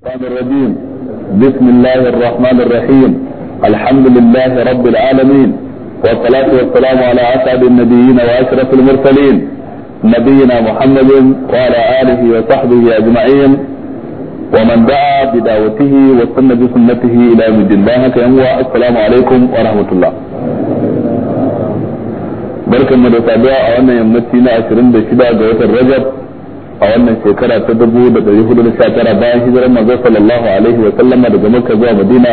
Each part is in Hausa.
الرحمن الرحيم بسم الله الرحمن الرحيم الحمد لله رب العالمين والصلاة والسلام على أسعد النبيين وأشرف المرسلين نبينا محمد وعلى آله وصحبه أجمعين ومن دعا بدعوته وسن بسنته إلى يوم الدين السلام عليكم ورحمة الله بركة مدى سابعة وأنا يمتين na بشدة جوة الرجب a wannan shekara ta dubu da ɗari hudu da sha tara bayan hijirar manzo sallallahu alaihi wa sallama daga makka zuwa madina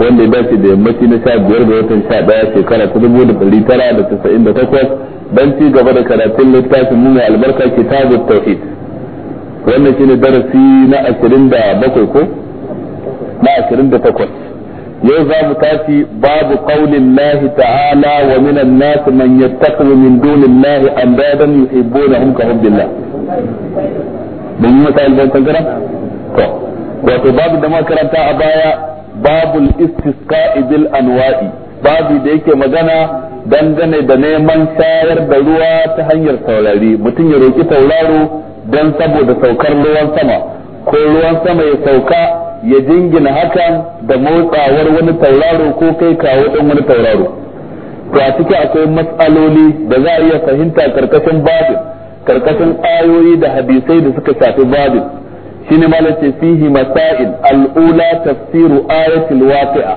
wanda ya dace da yammaci na sha biyar ga watan sha ɗaya shekara ta dubu da ɗari tara da tasa'in da takwas don ci gaba da karatun littafin mu mai albarka kitabu tauhid wannan shine darasi na ashirin da bakwai ko na ashirin da takwas yau za mu tafi babu qaulin lahi ta'ala wa minan nas man yattaqu min dunillahi andadan na ka hubbillah ban yi masa albar kankara to wato babu da makaranta a baya babu istisqa bil anwa'i babu da yake magana dangane da neman shayar da ruwa ta hanyar taurari mutum ya roƙi tauraro don saboda saukar ruwan sama ko ruwan sama ya sauka ya jingina hakan da motsawar wani tauraro ko kai kawo ɗan wani tauraro to a ciki akwai matsaloli da za a iya fahimta karkashin babin karkashin ayoyi da hadisai da suka shafi babin shine malace fihi masail al'ula tafsiru ayatul waqi'a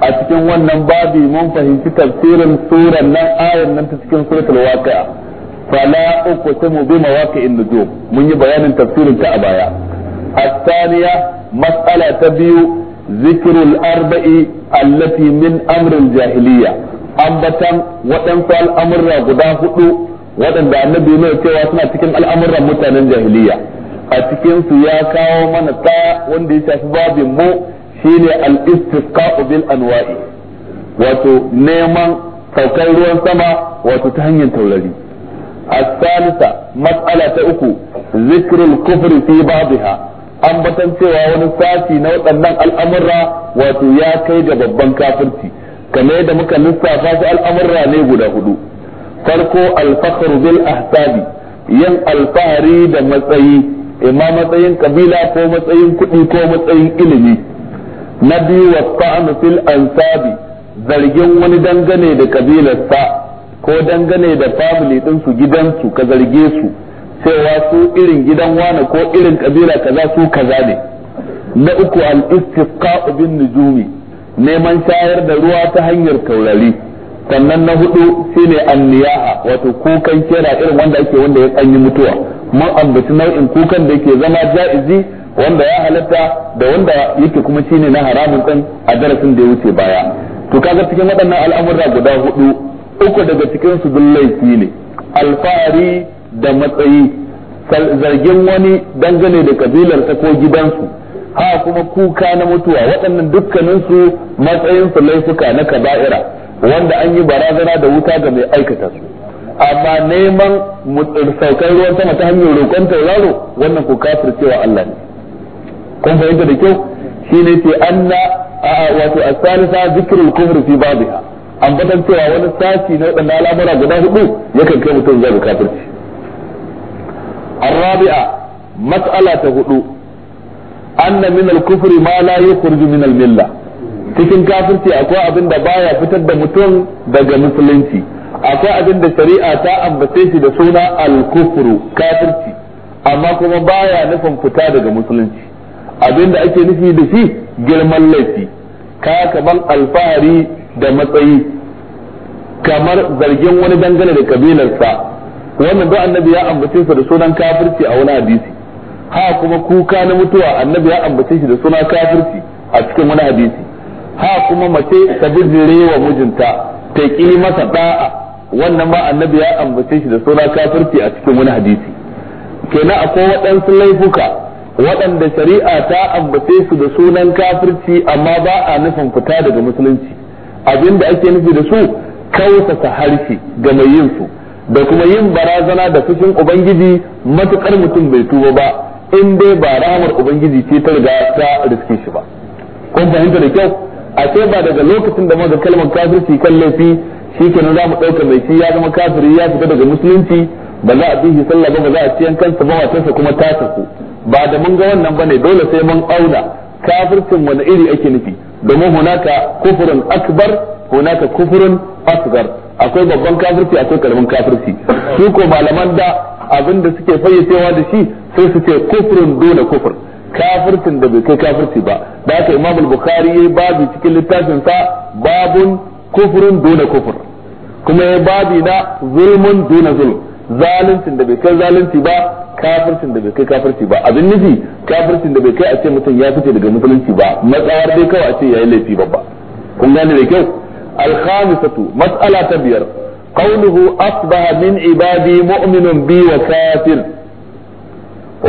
a cikin wannan babi mun fahimci tafsirin suran nan ayan nan ta cikin suratul waqi'a fala mu bi mawaqi'in nujum mun yi bayanin tafsirin ta a baya الثانية مسألة تبيو ذكر الأربع التي من أمر الجاهلية أنبتا وتنفى الأمر غدا huɗu. waɗanda annabi ne cewa suna cikin al'amuran mutanen jahiliya a cikinsu ya kawo mana ta wanda ya shafi babin mu shine al-istisqa bil neman saukar ruwan sama wato ta hanyar taurari الثالثة مسألة أكو ذكر الكفر في an ambatan cewa wani sashi na waɗannan al'amurra wato ya kai da babban kafirci kamar yadda muka lissafa su al'amurra ne guda huɗu. farko alfakar bil ahsabi yin alfahari da matsayi imma matsayin kabila ko matsayin kuɗi ko matsayin ilimi na biyu wa ta'amu fil ansabi zargin wani dangane da kabilarsa ko dangane da family ɗinsu gidansu ka zarge su cewa su irin gidan wane ko irin kabila kaza su kaza ne na uku al-istisqa bin nujumi neman shayar da ruwa ta hanyar taurari sannan na hudu shine anniyaha wato kukan kera irin wanda ake wanda ya tsanyi mutuwa mun ambaci nau'in kukan da yake zama jaizi wanda ya halatta da wanda yake kuma shine na haramun din a darasin da ya wuce baya to kaga cikin waɗannan al'amura guda hudu uku daga cikin su dun laifi ne alfahari da matsayi zargin wani dangane da kabilarsa ko gidansu ha kuma kuka na mutuwa waɗannan dukkaninsu matsayinsu laifuka na kaba'ira wanda an yi barazana da wuta ga mai aikata su amma neman saukar ruwan sama ta hanyar roƙon tauraro wannan ko kafir cewa Allah ne kun fahimta da kyau shine ce anna a wato asalisa zikrul kufr fi babiha ambatan cewa wani sashi na wadannan al'amura guda hudu yakan kai mutum zuwa kafirci الرابعة مسألة هدوء أن من الكفر ما لا يخرج من المله cikin kafirci akwai abin da baya fitar da mutum daga musulunci akwai abin da shari'a ta ambace shi da suna al-kufru kafirci amma kuma baya nufin fita daga musulunci abin da ake nufi da shi girman laifi ka kamar alfahari da matsayi kamar zargin wani dangane da kabilarsa wannan da annabi ya ambace shi da sunan kafirci a wani hadisi ha kuma kuka na mutuwa annabi ya ambace shi da suna kafirci a cikin wani hadisi ha kuma mace ta bijire wa mijinta ta ƙi masa ɗa'a wannan ma annabi ya ambace shi da suna kafirci a cikin wani hadisi kenan akwai waɗansu laifuka waɗanda shari'a ta ambace su da sunan kafirci amma ba a nufin fita daga musulunci abin da ake nufi da su kausasa harshe ga mai yin su da kuma yin barazana da fushin ubangiji matukar mutum bai tuba ba in dai ba rahamar ubangiji ce ta riga ta riske shi ba kun fahimta da kyau a ce ba daga lokacin da muka kalmar kafirci kan laifi shikenan za mu ɗauka mai shi ya zama kafiri ya fita daga musulunci ba za a bi shi sallah ba ba za a ciyan kansa ba matarsa kuma ta tafi ba da mun ga wannan ba ne dole sai mun auna kafircin wani iri ake nufi domin hunaka kufurin akbar hunaka kufurin asgar akwai babban kafirci akwai karamin kafirci su ko malaman da abinda suke fayyacewa da shi sai su ce kufurin dole kufur kafircin da bai kai kafirci ba da haka imam bukhari yayi babu cikin littafin sa babun kufrun duna kufur kuma yayi babu na zulmun duna zulm zaluncin da bai kai zalunci ba kafircin da bai kai kafirci ba abin nufi kafircin da bai kai a ce mutum ya fice daga musulunci ba matsawar dai kawai a ce yayi laifi babba kun gane da kyau alkhamisatu matsala mas'ala ta biyar qawluhu asbaha min ibadi mu'minun bi wa kafir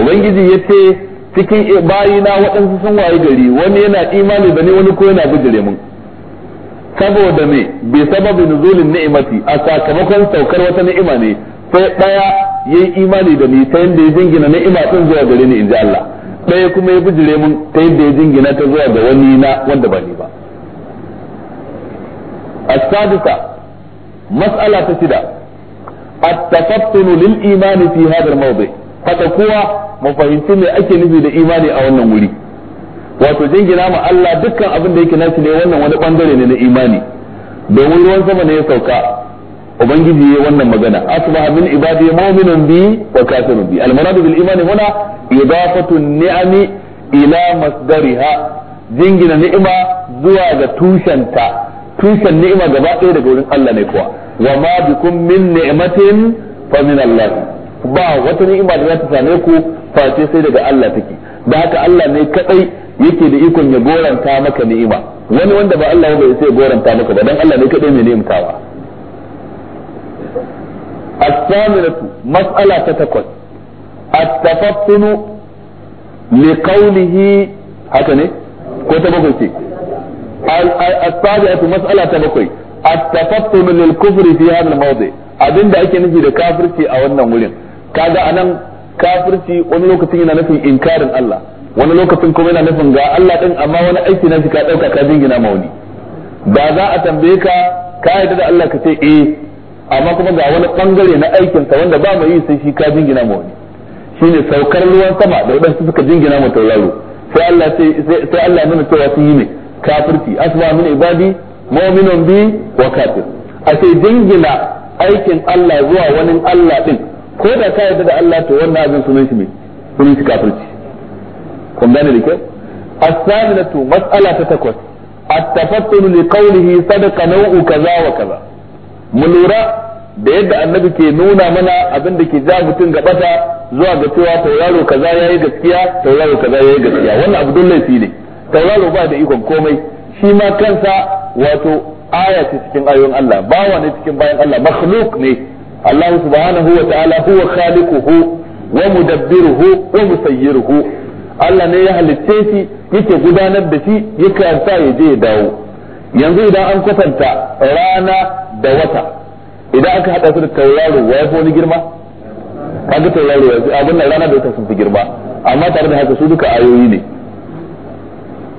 ubangiji yace cikin bayina waɗansu sun waye gari wani yana imani da ni wani ko yana bijire mun saboda me bi sababi nuzulin ni'mati a sakamakon saukar wata ni'ima ne sai daya yayi imani da ni ta yanda ya jingina ni'ima din zuwa gare ni inji Allah daya kuma ya bijire mun ta yanda ya jingina ta zuwa ga wani na wanda ba ni ba as mas'ala ta shida at-tafattun lil imani fi hadha al-mawdi' haɗa kuwa ma fahimci me ake nufi da imani a wannan wuri wato jingina ma Allah dukkan abin da yake nashi ne wannan wani bangare ne na imani domin ruwan sama ne ya sauka ubangiji ya wannan magana asbaha min ibadi mu'minun bi wa kafirun bi al muradu bil imani huna idafatu ni'ami ila masdariha jingina ni'ima zuwa ga tushenta tushen ni'ima gaba ɗaya daga wurin Allah ne kuwa wa ma bikum min ni'matin fa min Allah ba wata ni'ima da za ta same ku face sai daga Allah take da haka Allah ne kadai yake da ikon ya goranta maka ni'ima wani wanda ba Allah ba sai ya goranta maka ba dan Allah ne kadai mai ni'imtawa as-samiratu mas'ala ta takwas at-tafattunu li qawlihi haka ne ko ta bakwai ce as-sabi'atu mas'ala ta bakwai at-tafattunu lil kufri fi hadha abinda ake nufi da kafirci a wannan wurin kaga anan kafirci wani lokacin yana nufin inkarin Allah wani lokacin kuma yana nufin ga Allah din amma wani aiki na shi ka dauka ka jingina mauni ba za a tambaye ka ka yarda da Allah ka ce eh amma kuma ga wani bangare na aikin sa wanda ba mai yi sai shi ka jingina mauni shine saukar ruwan sama da wadansu suka jingina mu tauraro sai Allah sai Allah nuna cewa sun yi ne kafirci asma min ibadi mu'minun bi wa kafir a sai jingina aikin Allah zuwa wani Allah din ko da ka yarda da Allah to wannan abin sunan shi mai sunan shi kafirci kun gane da ko as-saminatu mas'ala ta takwas at tafattul li qawlihi sadaqa naw'u kaza wa kaza mun lura da yadda annabi ke nuna mana abin da ke ja mutum ga bata zuwa ga cewa tauraro kaza yayi gaskiya tauraro kaza yayi gaskiya wannan abu dole laifi ne tauraro ba da ikon komai shi ma kansa wato aya ce cikin ayoyin Allah ba ne cikin bayan Allah makhluk ne Allah subhanahu wa ta'ala huwa khaliquhu wa mudabbiruhu wa musayyiruhu Allah ne ya halicce shi yake gudanar da shi yake yarsa ya je dawo yanzu idan an kwatanta rana da wata idan aka hada su da tauraro ya fi wani girma kaga tauraro yanzu abin nan rana da wata sun fi girma amma tare da haka su duka ayoyi ne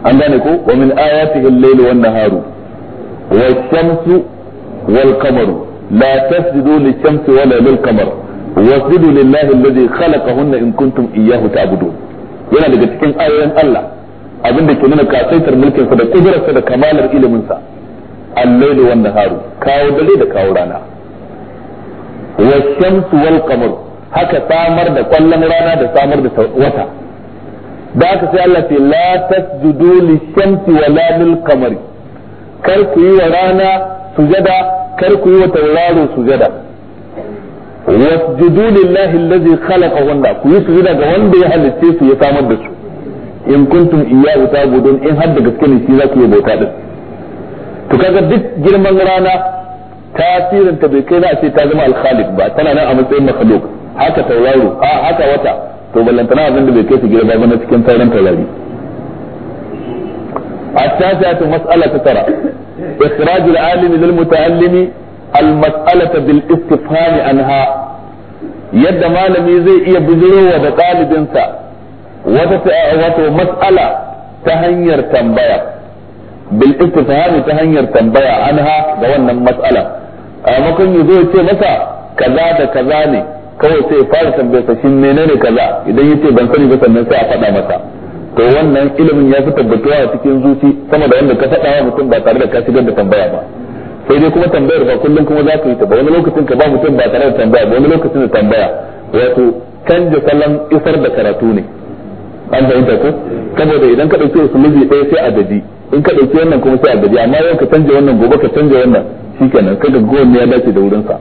an gane ko wa min ayatihi al-layl wan naharu wash-shamsu wal qamaru لا تسجدوا للشمس ولا للقمر واسجدوا لله الذي خلقهن إن كنتم إياه تعبدون yana daga cikin ayoyin Allah abin da ke nuna kasaitar mulkin sa da kudurarsa da kamalar ilimin sa al-lailu wan naharu kawo dare da kawo rana wa shamsu wal qamar haka samar da kwallon rana da samar da wata da aka sai Allah ce la tasjudu lish-shamsi wala lil qamari kar ku yi wa rana sujada kar ku yi wa tauraron sujada wasjudu lillahi allazi khalaqahunna ku yi sujada ga wanda ya halitte su ya samar da su in kuntum iyyahu ta'budun in har da gaske ne shi zaku yi bauta din to kaga duk girman rana tasirin ta bai kai za a ce ta zama al ba tana nan a matsayin makhluq haka tauraro a haka wata to ballantana abin da bai kai su girma ba na cikin sauran taurari mas'ala ta tara. إخراج العالم للمتعلم المسألة بالاستفهام anha yadda malami zai iya bijirowa da ɗalibinsa wato matsala ta hanyar tambaya bil istifhami ta hanyar tambaya anha da wannan matsala a makon ya zo ce masa kaza da kaza ne kawai sai fara tambayarsa shin menene kaza idan ce ban sani ba sannan sai a faɗa masa to wannan ilimin ya fi tabbatuwa a cikin zuci sama da wanda ka faɗa wa mutum ba tare da ka shigar da tambaya ba sai dai kuma tambayar ba kullum kuma za ka yi ta ba wani lokacin ka ba mutum ba tare da tambaya ba wani lokacin da tambaya wato canja salon isar da karatu ne an fahimta ko saboda idan ka ɗauki usulubi ɗaya sai a gaji in ka ɗauki wannan kuma sai a gaji amma yau ka canja wannan gobe ka canja wannan shikenan kaga kowanne ya dace da wurinsa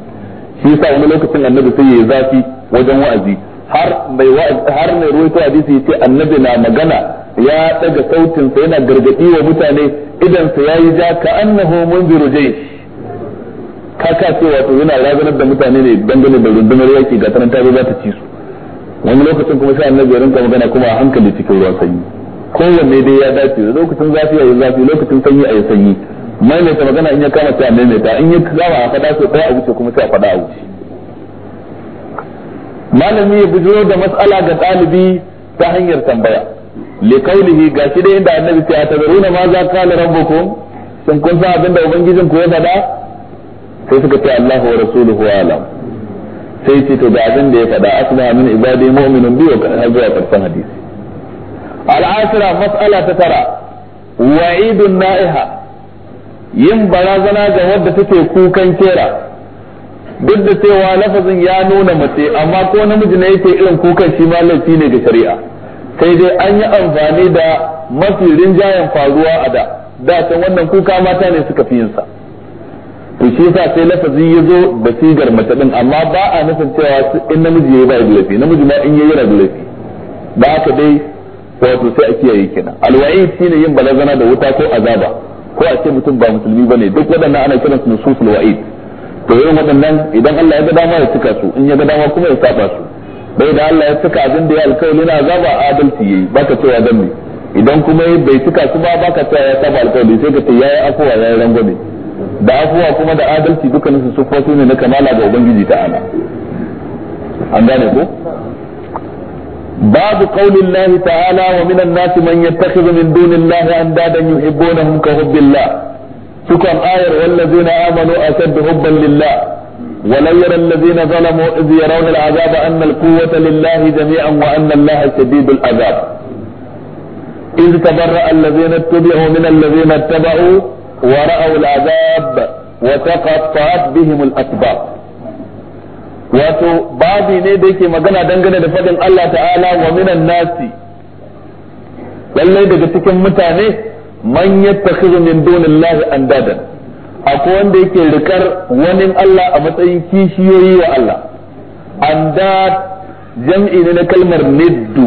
shi yasa wani lokacin annabi sai ya yi zafi wajen wa'azi har mai har mai ruwaito hadisi yace annabi na magana ya daga sautin sa yana gargadi wa mutane idan sa yayi ja ka annahu munziru jaysh kaka ce wato yana razanar da mutane ne dangane da rundunar yaki ga tanan ta za ta ci su wani lokacin kuma sai annabi ya rinka magana kuma a hankali cikin ruwan sanyi kowanne dai ya dace da lokacin zafi a yi zafi lokacin sanyi a yi sanyi maimaita magana in ya kama sai a maimaita in ya kama a faɗa sai a wuce kuma sai a faɗa a wuce malami ya bujiro da mas'ala ga ɗalibi ta hanyar tambaya li ga shi dai inda annabi ta tazaruna ma za qala rabbukum sun kun san abin da ubangijin ku ya faɗa sai suka ce Allahu wa rasuluhu alam sai ce to da abin da ya faɗa asma min ibadi mu'minun bi wa kana zuwa farkon hadisi al'asira mas'ala ta tara wa'idun na'iha yin barazana ga wadda take kukan kera duk da cewa lafazin ya nuna mace amma ko namiji ne yake irin kukan shi ma ne ga shari'a sai dai an yi amfani da mafi rinjayen faruwa a da da can wannan kuka mata ne suka fi yinsa to shi yasa sai lafazi ya zo da sigar mace din amma ba a nufin cewa in namiji yayi ba ya laifi namiji ma in yayi yana da laifi ba haka dai wato sai a kiyaye kina alwayi shine yin balazana da wuta ko azaba ko a ce mutum ba musulmi bane duk waɗannan ana kiransu nususul wa'id to irin waɗannan idan Allah ya ga dama ya cika su in ya ga dama kuma ya saba su bai da Allah ya cika abin da ya alkawari na azaba adalci yayi baka cewa dan me idan kuma bai cika su ba baka cewa ya saba alkawari sai ka ce yayi afuwa yayi rangwame da afuwa kuma da adalci dukkanin su sufofi ne na kamala ga ubangiji ana an gane ko باب قول الله تعالى ومن الناس من يتخذ من دون الله اندادا يحبونهم كحب الله cikon ayar wallazi na amanu a sadda hubban lillah إذ تبرأ الذين اتبعوا من الذين اتبعوا ورأوا العذاب وتقطعت بهم الأسباب wato babi ne da yake magana dangane da fadin Allah ta'ala wa minan nasi lallai daga cikin mutane man yattakhidhu min dunillahi andadan akwai wanda yake rikar wani Allah a matsayin kishiyoyi wa Allah andad jam'i ne na kalmar niddu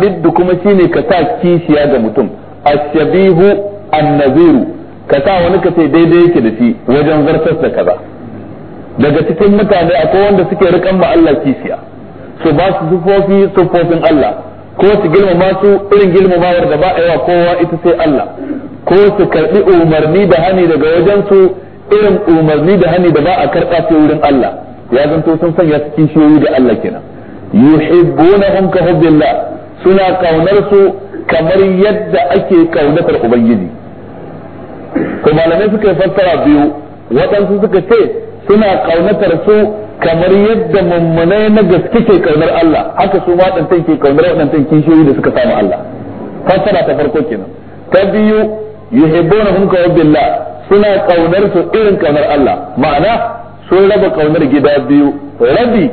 niddu kuma shine ka sa kishiya ga mutum ashabihu annaziru ka sa wani ka ce daidai yake da shi wajen zartar da kaza daga cikin mutane akwai wanda suke rikan ma Allah kishiya su ba su sufofi sufofin Allah ko su girmama su irin girmamawar da ba a yawa kowa ita sai Allah ko su karbi umarni da hani daga wajen su irin umarni da hani da ba a karba sai wurin Allah ya zanto sun sanya su kishiyoyi da Allah kenan yuhibbunahum ka hubbillah suna kaunar su kamar yadda ake kaunatar ubangiji ko malamai suka fassara biyu waɗansu suka ce suna kaunatar su kamar yadda mummunai na gaske ke kaunar Allah haka su ma dantan ke kaunar waɗantan kishiyoyi da suka samu Allah fassara ta farko kenan ta biyu yuhibbuna hum ka billah suna kaunar su irin kaunar Allah ma'ana sun raba kaunar gida biyu rabi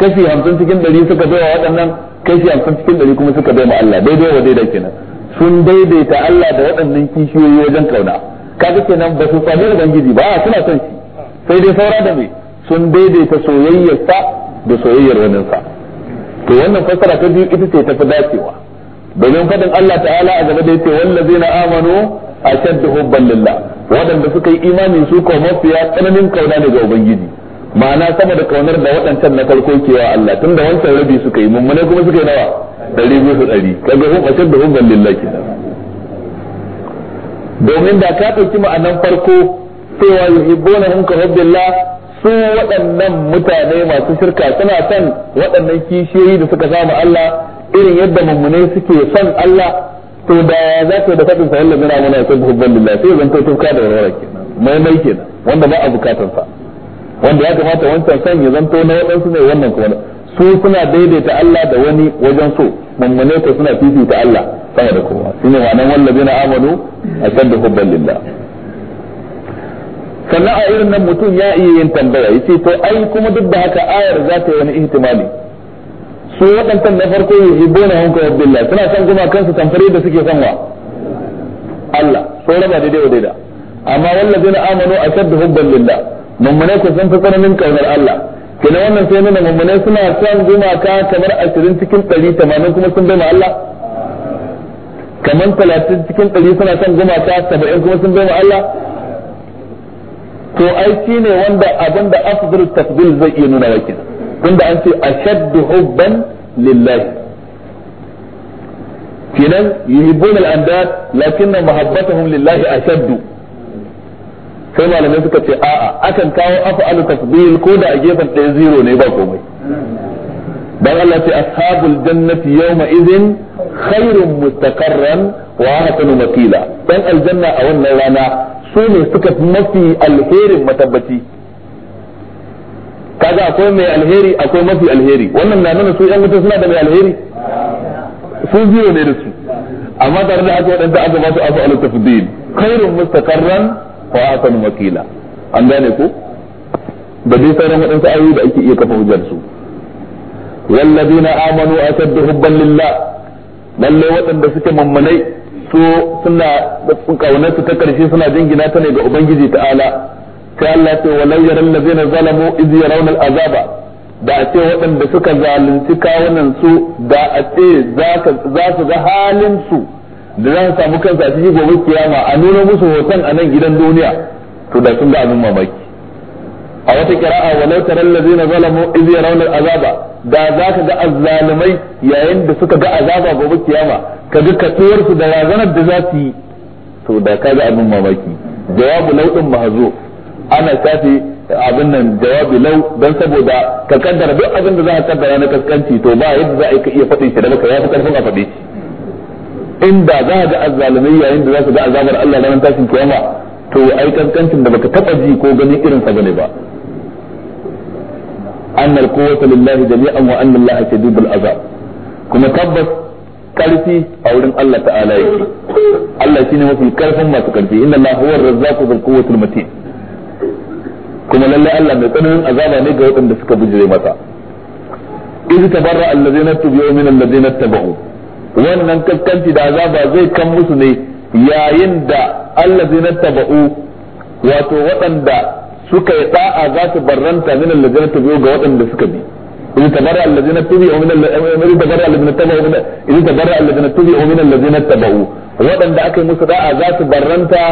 kashi hamsin cikin ɗari suka bai wa waɗannan kashi hamsin cikin ɗari kuma suka bai ma Allah daidai wa daidai kenan sun daidaita Allah da waɗannan kishiyoyi wajen kauna kaga kenan ba su tsani ubangiji ba suna son shi sai dai saura da mai sun daidaita soyayyarsa da soyayyar waninsa to wannan fassara ta biyu ita ce tafi dacewa domin fadin Allah ta'ala a gaba da yace wallazina amanu ashaddu hubban lillah waɗanda suka yi imani su ko mafiya tsananin kauna ne ga ubangiji ma'ana sama da kaunar da waɗancan na farko ke wa Allah tunda wancan rabi suka yi mummune kuma suka yi nawa ɗari biyu ɗari kaga hum ashaddu hubban lillah kenan domin da ka ɗauki ma'anan farko cewa yuhibbunahum ka hubbillah su waɗannan mutane masu shirka suna son waɗannan kishiyoyi da suka samu Allah irin yadda mummune suke son Allah to da za ka da faɗin sahil lamina muna sai hubban lillah sai zan to tufka da warwara kenan mai mai kenan wanda ba a bukatar sa wanda ya kamata wancan son ya zanto na waɗansu ne wannan kuma su suna daidaita Allah da wani wajen so mummune ko suna fifita Allah sama da kowa shine ma'anar na amanu ashaddu hubban lillah sannan a irin nan mutum ya iya yin tambaya yace to ai kuma duk da haka ayar za ta yi wani ihtimali su waɗantan na farko yuhibbuna hum ka billah suna son kuma kansu tamfare da suke son wa Allah so raba daidai wa daida amma wallazina a ashaddu hubban lillah mummune ku sun fi tsananin ƙaunar Allah kenan wannan sai nuna mummune suna son gumaka kamar ashirin cikin ɗari tamanin kuma sun bai ma Allah kamar talatin cikin ɗari suna son gumaka saba'in kuma sun bai ma Allah to ai shi ne wanda abin da afdal tafdil zai iya nuna wake tunda an ce ashaddu hubban lillahi kinan yuhibbun al-andad lakinna mahabbatuhum lillahi ashaddu sai malamai suka ce a'a akan kawo af'alu tafdil ko da a gefen ɗaya zero ne ba komai dan Allah ce ashabul jannati yawma idhin khairun mustaqarran wa ahsanu maqila dan aljanna a wannan rana su ne suka mafi alherin matabbaci kaga akwai mai alheri akwai mafi alheri wannan na nuna su yan wuta suna da mai alheri su biyo ne da su amma tare da haka waɗanda aka ba su afa alu tafdil khairun mustaqarran wa asan wakila an gane ko da dai sauran waɗansu ayoyi da ake iya kafa hujjar su والذين آمنوا أشد حبا لله لله waɗanda suke ممني so suna kaunar su ta karshe suna jingina ta ne ga ubangiji ta'ala sai Allah ce walau yaral ladzina zalamu iz yarawna azaba da a ce waɗanda suka zalunci kawunan su da a ce za su ga halin su da za su samu kansa a cikin gobe kiyama a nuna musu hoton a nan gidan duniya to da sun ga abin mamaki a wata kira'a walau taral ladzina zalamu ya yarawna azaba da zaka ga azzalimai yayin da suka ga azaba gobe kiyama ka ga katsuwar da razanar da za su yi to da ka ga abin mamaki jawabu laudin mahzo ana kafi abin nan jawabi lau don saboda ka kaddara duk abin da za ka kaddara na kaskanci to ba yadda za ka iya faɗin shi da baka yafi karfin a faɗe inda za ga azzalumai yayin da za su ga azabar Allah ranar tashin kiyama to ai kaskancin da baka taɓa ji ko ganin irin sa bane ba أن القوة لله جميعا وأن الله شديد العذاب كما تبت كارثي أو الله تعالى يكي الله شيني وفي الكارث ما تكارثي إن الله هو الرزاق ذو القوة المتين كما لله الله نتنين أذابا نيجا وطن دسك بجري متى إذ تبرأ الذين اتبعوا من الذين اتبعوا wannan kaskanci da azaba zai kan musu ne yayin da allazina taba'u wato waɗanda suka yi da'a za su barranta min allazina tabi'u ga waɗanda suka bi إذ تبرأ الذين اتبعوا من إذ تبرأ الذين اتبعوا من إذ تبرأ الذين اتبعوا من الذين اتبعوا وأن ذاك موسى دعا ذات برنتا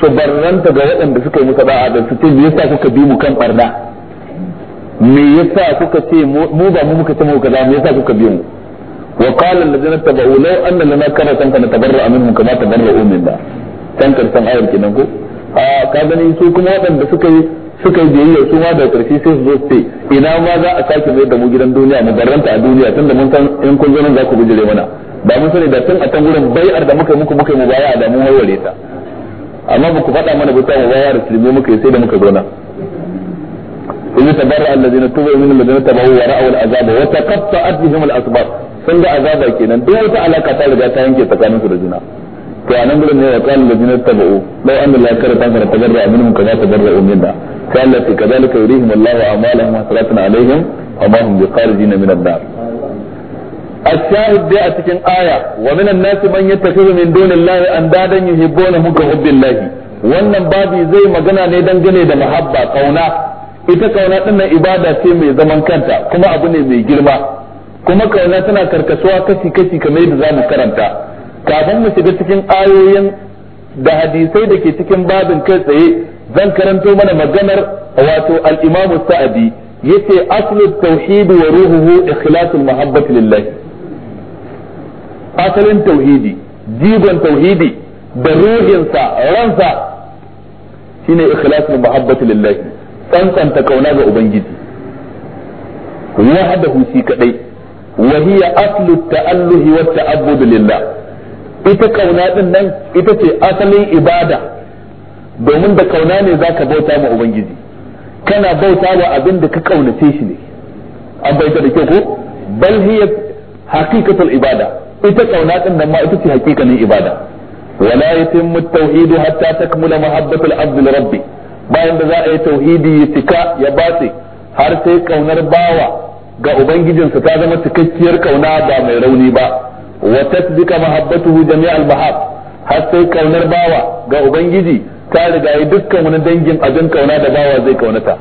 سبرنتا وأن ذاك موسى دعا ذات يسا كوكا بيمو كم أردا me yasa kuka ce mu ba mu muka ce mu kaza me yasa kuka biyo mu wa qala alladhina tabau law anna lana karatan fa natabarra minhum kama tabarra'u minna tankar san ayar kenan ko a ka gani su kuma waɗanda suka yi suka yi biyayya su ma da karshe sai su zo su ina ma za a sake mai da mu gidan duniya mu barranta a duniya tunda mun san in kun zo nan za ku bijire mana ba mun sani da tun a can gurin bai'ar da muka muku muka mu baya da mun warware ta amma ba ku faɗa mana ba mu baya da sulmi muka yi sai da muka zo nan إذ تبرأ الذين تبعوا من الذين azaba ورأوا العذاب وتقطعت بهم الأسباب sun ga azaba kenan duk wata alaka ta riga ta yanke tsakaninsu da juna to a nan gurin ne wa kan lajina ta law anna la karata fa tabarra minhum kaza tabarra minna sai Allah ce kazalika yurihim Allahu a'malahum hasaratun alaihim wa ma hum biqarijin min an-nar الشاهد دي أتكن آية ومن الناس من يتخذ من دون الله أندادا يحبونه كحب الله wannan babi zai magana ne dangane da mahabba kauna ita kauna din nan ibada ce mai zaman kanta kuma abu ne mai girma kuma kauna tana karkasuwa kashi kashi kamar yadda mu karanta kafin mu shiga cikin ayoyin da hadisai da ke cikin babin kai tsaye zan karanto mana maganar wato al-Imam Sa'di yace aslu tauhid wa ruhuhu ikhlasul mahabbati lillah asalin tauhidi jigon tauhidi da ruhinsa ransa shine ikhlasul mahabbati lillah tsantsanta kauna ga ubangiji wahdahu shi kadai wa hiya aslu ta'alluhi wa ta'abbud lillah ita kauna din nan ita ce asalin ibada domin da kauna ne ka bauta ma ubangiji kana bauta wa abin da ka kaunace shi ne an baita da kyau ko bal hiya haqiqatul ibada ita kauna din nan ma ita ce haqiqanin ibada wala yatimmu at-tauhid hatta takmula mahabbatul abd li rabbi bayan da za a yi tauhidi ya cika ya bace har sai kaunar bawa ga ubangijinsa ta zama cikakkiyar kauna ba mai rauni ba wa mahabbatu mahabbatuhu jami'al mahab har sai ƙaunar bawa ga ubangiji ta riga yi dukkan wani dangin abin ƙauna da bawa zai kaunata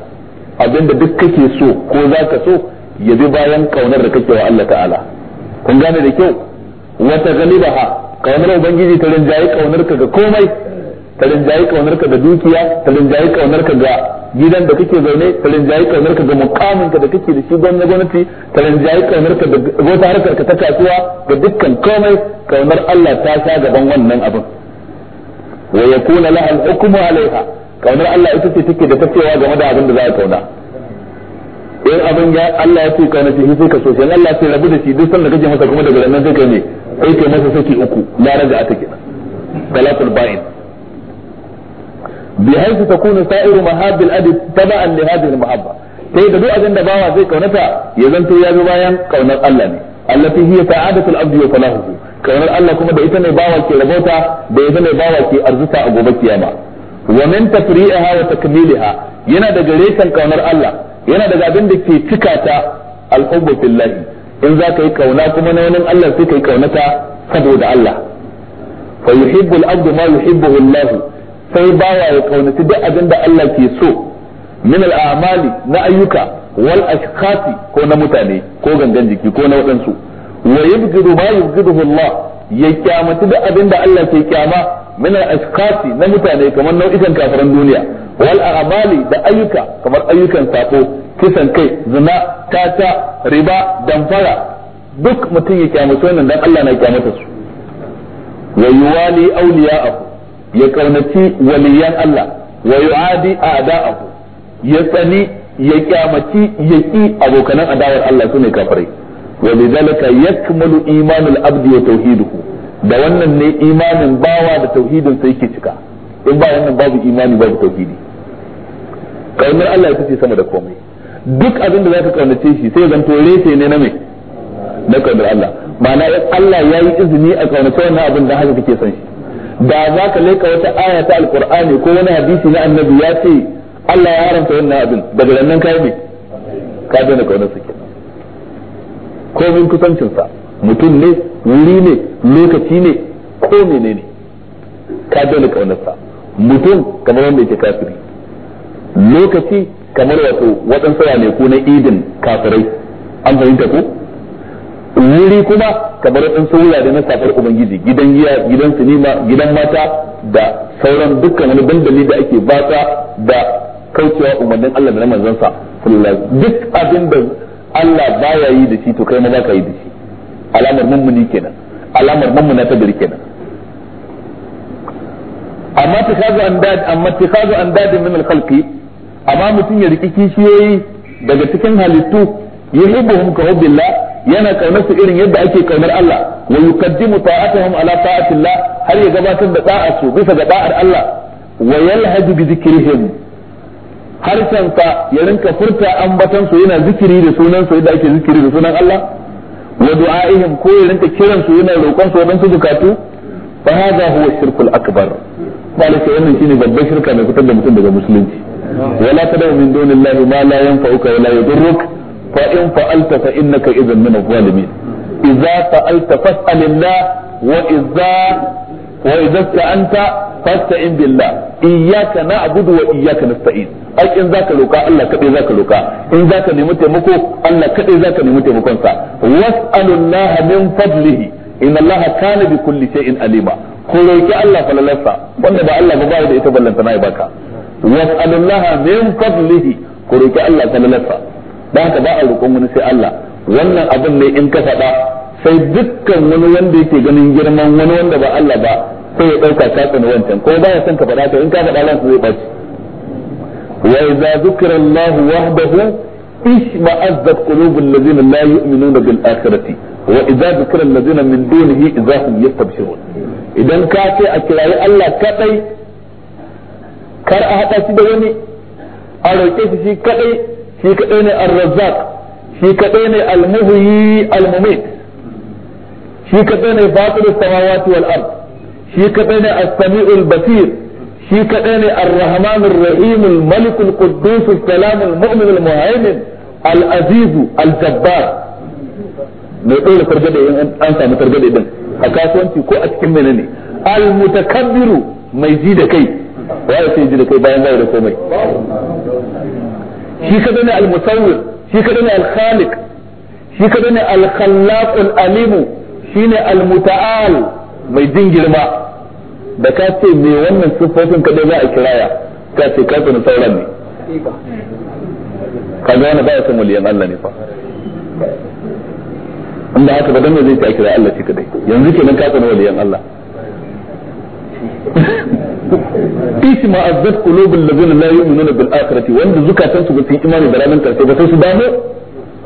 abinda duk kake so ko zaka so ya bi bayan ƙaunar da kake wa Allah ta'ala kun gane da kyau wata gani baha ƙaunar ubangiji ta rinjayi kaunar ka ga komai ka rinjayi kaunarka ga dukiya ka rinjayi kaunarka ga gidan da kake zaune ka rinjayi kaunarka ga mukaminka da kake da shi gwamna gwamnati ka rinjayi kaunarka ga wata harkar ka ta kasuwa da dukkan komai kaunar Allah ta sha gaban wannan abin wa yakuna laha al-hukmu alaiha kaunar Allah ita ce take da tacewa game da abin da za a kauna in abin ya Allah ya ce kauna shi sai ka so sai Allah sai rabu da shi duk sanda kake masa kuma daga nan sai kai ne sai masa saki uku na raja'a take nan talatul ba'in بحيث تكون سائر محاب الأب تبعا لهذه المحبة sai da duk abin da bawa zai kaunata ya zanto ya bi bayan kaunar Allah ne allati hiya sa'adatul abdi wa falahuhu ƙaunar Allah kuma da ita ne bawa ke rabota da ita ne bawa ke arzuta a gobe kiyama wa min tafri'iha wa takmiliha yana daga rekan kaunar Allah yana daga abin da ke cika ta al in za ka yi kauna kuma na wani Allah sai ka yi kaunata saboda Allah fa yuhibbul abdu ma yuhibbuhu Allah sai bawa ya kaunaci duk abin da Allah ke so min al'amali na ayyuka wal ashkhasi ko na mutane ko gangan jiki ko na waɗansu wa yubghidu ma yubghiduhu Allah ya kyamaci duk abin da Allah ke kyama min al na mutane kamar nau'ikan kafarin duniya wal a'mali da ayyuka kamar ayyukan sako kisan kai zina tata riba damfara duk mutum ya kyamaci wannan dan Allah na kyamata su wa yuwali awliya'ahu ya kaunaci waliyan Allah wa yu'adi a'da'ahu ya tsani ya kyamaci ya ki abokanan adawar Allah sune kafirai wa bidalika yakmalu imanul abdi wa tauhiduhu da wannan ne imanin bawa da tauhidin sai yake cika in ba wannan babu imani babu tauhidi kaunar Allah ita ce sama da komai duk abin da zaka kaunace shi sai zanto reshe ne na me na kaunar Allah ma'ana Allah ya izini a kaunace wannan abin da haka kake son shi da za ka leka wata aya ta alqur'ani ko wani hadisi na annabi ya ce Allah ya haramta wannan abin daga nan kai ne ka daina kaunar ko komin kusancin sa mutum ne wuri ne lokaci ne ko menene ka daina kaunar sa mutum kamar wanda yake kafiri lokaci kamar wato waɗansu ne ko na idin kafirai an fahimta ko wuri kuma kamar ɗan saura da na safar ubangiji gidan giya gidan sinima gidan mata da sauran dukkan wani dandali da ake bata da kaucewa umarnin Allah da na manzansa sallallahu duk abin da Allah baya yi da shi to kai ma za ka yi da shi alamar mummuni kenan alamar mummuna ta gari kenan amma tikazu andad amma tikazu andadin min al-khalqi amma mutun ya riki kishiyoyi daga cikin halittu yuhibbuhum ka hubbillah yana kaunarsu irin yadda ake kaunar Allah wa yuqaddimu ta'atuhum ala ta'atillah har ya gabatar da da'a su bisa ga da'ar Allah wa yalhadu bi dhikrihim harshen sa ya rinka furta ambatan su yana zikiri da sunan su yadda ake zikiri da sunan Allah wa du'a'ihim ko ya rinka kiran su yana roƙon su wadansu bukatu fa hadha huwa shirkul akbar malaka wannan shine babban shirka mai fitar da mutum daga musulunci wala tadawu min dunillahi ma la yanfa'uka wa la yadurruka fa in fa'alta fa innaka idhan min adh-dhalimin idza fa'alta wa idza wa idza ta'anta fasta'in billah iyyaka na'budu wa iyyaka nasta'in ai in zaka roka Allah kadai zaka roka in zaka nemi taimako Allah kadai zaka nemi taimakon sa was'alullaha min fadlihi inna allaha kana bi kulli alima ko roki Allah falalarsa wanda ba Allah ba ba da ita ballanta na baka was'alullaha min fadlihi ko roki Allah da haka ba a roƙon wani sai Allah wannan abin ne in ka faɗa sai dukkan wani wanda yake ganin girman wani wanda ba Allah ba sai ya ɗauka ka tsani wancan ko ba ya son ka faɗa to in ka faɗa ran zai ɓaci wa idza zukira Allah wahdahu ishma'azzat qulubul ladzina la yu'minuna bil akhirati wa idza zukira alladzina min dunihi idza hum yastabshirun idan ka ce a kirayi Allah kadai kar a hada shi da wani a roƙe shi kadai shi kadai ne ar-razzaq shi ne al-muhyi al-mumit shi ne fatir samawati wal ard shi ne as-sami'ul basir shi kadai ne ar-rahman ar-rahim al-malik al-quddus al-salam al-mu'min al-muhaymin al-aziz al-jabbar targade in an samu targade din a kasuwanci ko a cikin menene al-mutakabbiru mai ji da kai wa ya ji da kai bayan bai da komai shi kada ne al-musawwir shi kada ne al-khaliq shi kada ne al-khallaq al-alim shine al-muta'al mai jin girma da ka ce me wannan sifofin kada za a kiraya ka ce ka tsani sauran ne kaga wani ba baya san waliyan Allah ne fa inda haka ba dan zai ta kira Allah shi kadai yanzu kenan ka tsani waliyan Allah fi ma azzat qulubul ladina la yu'minuna bil akhirati wanda zukatan su ba su yi imani da ranar karshe ba sai su damu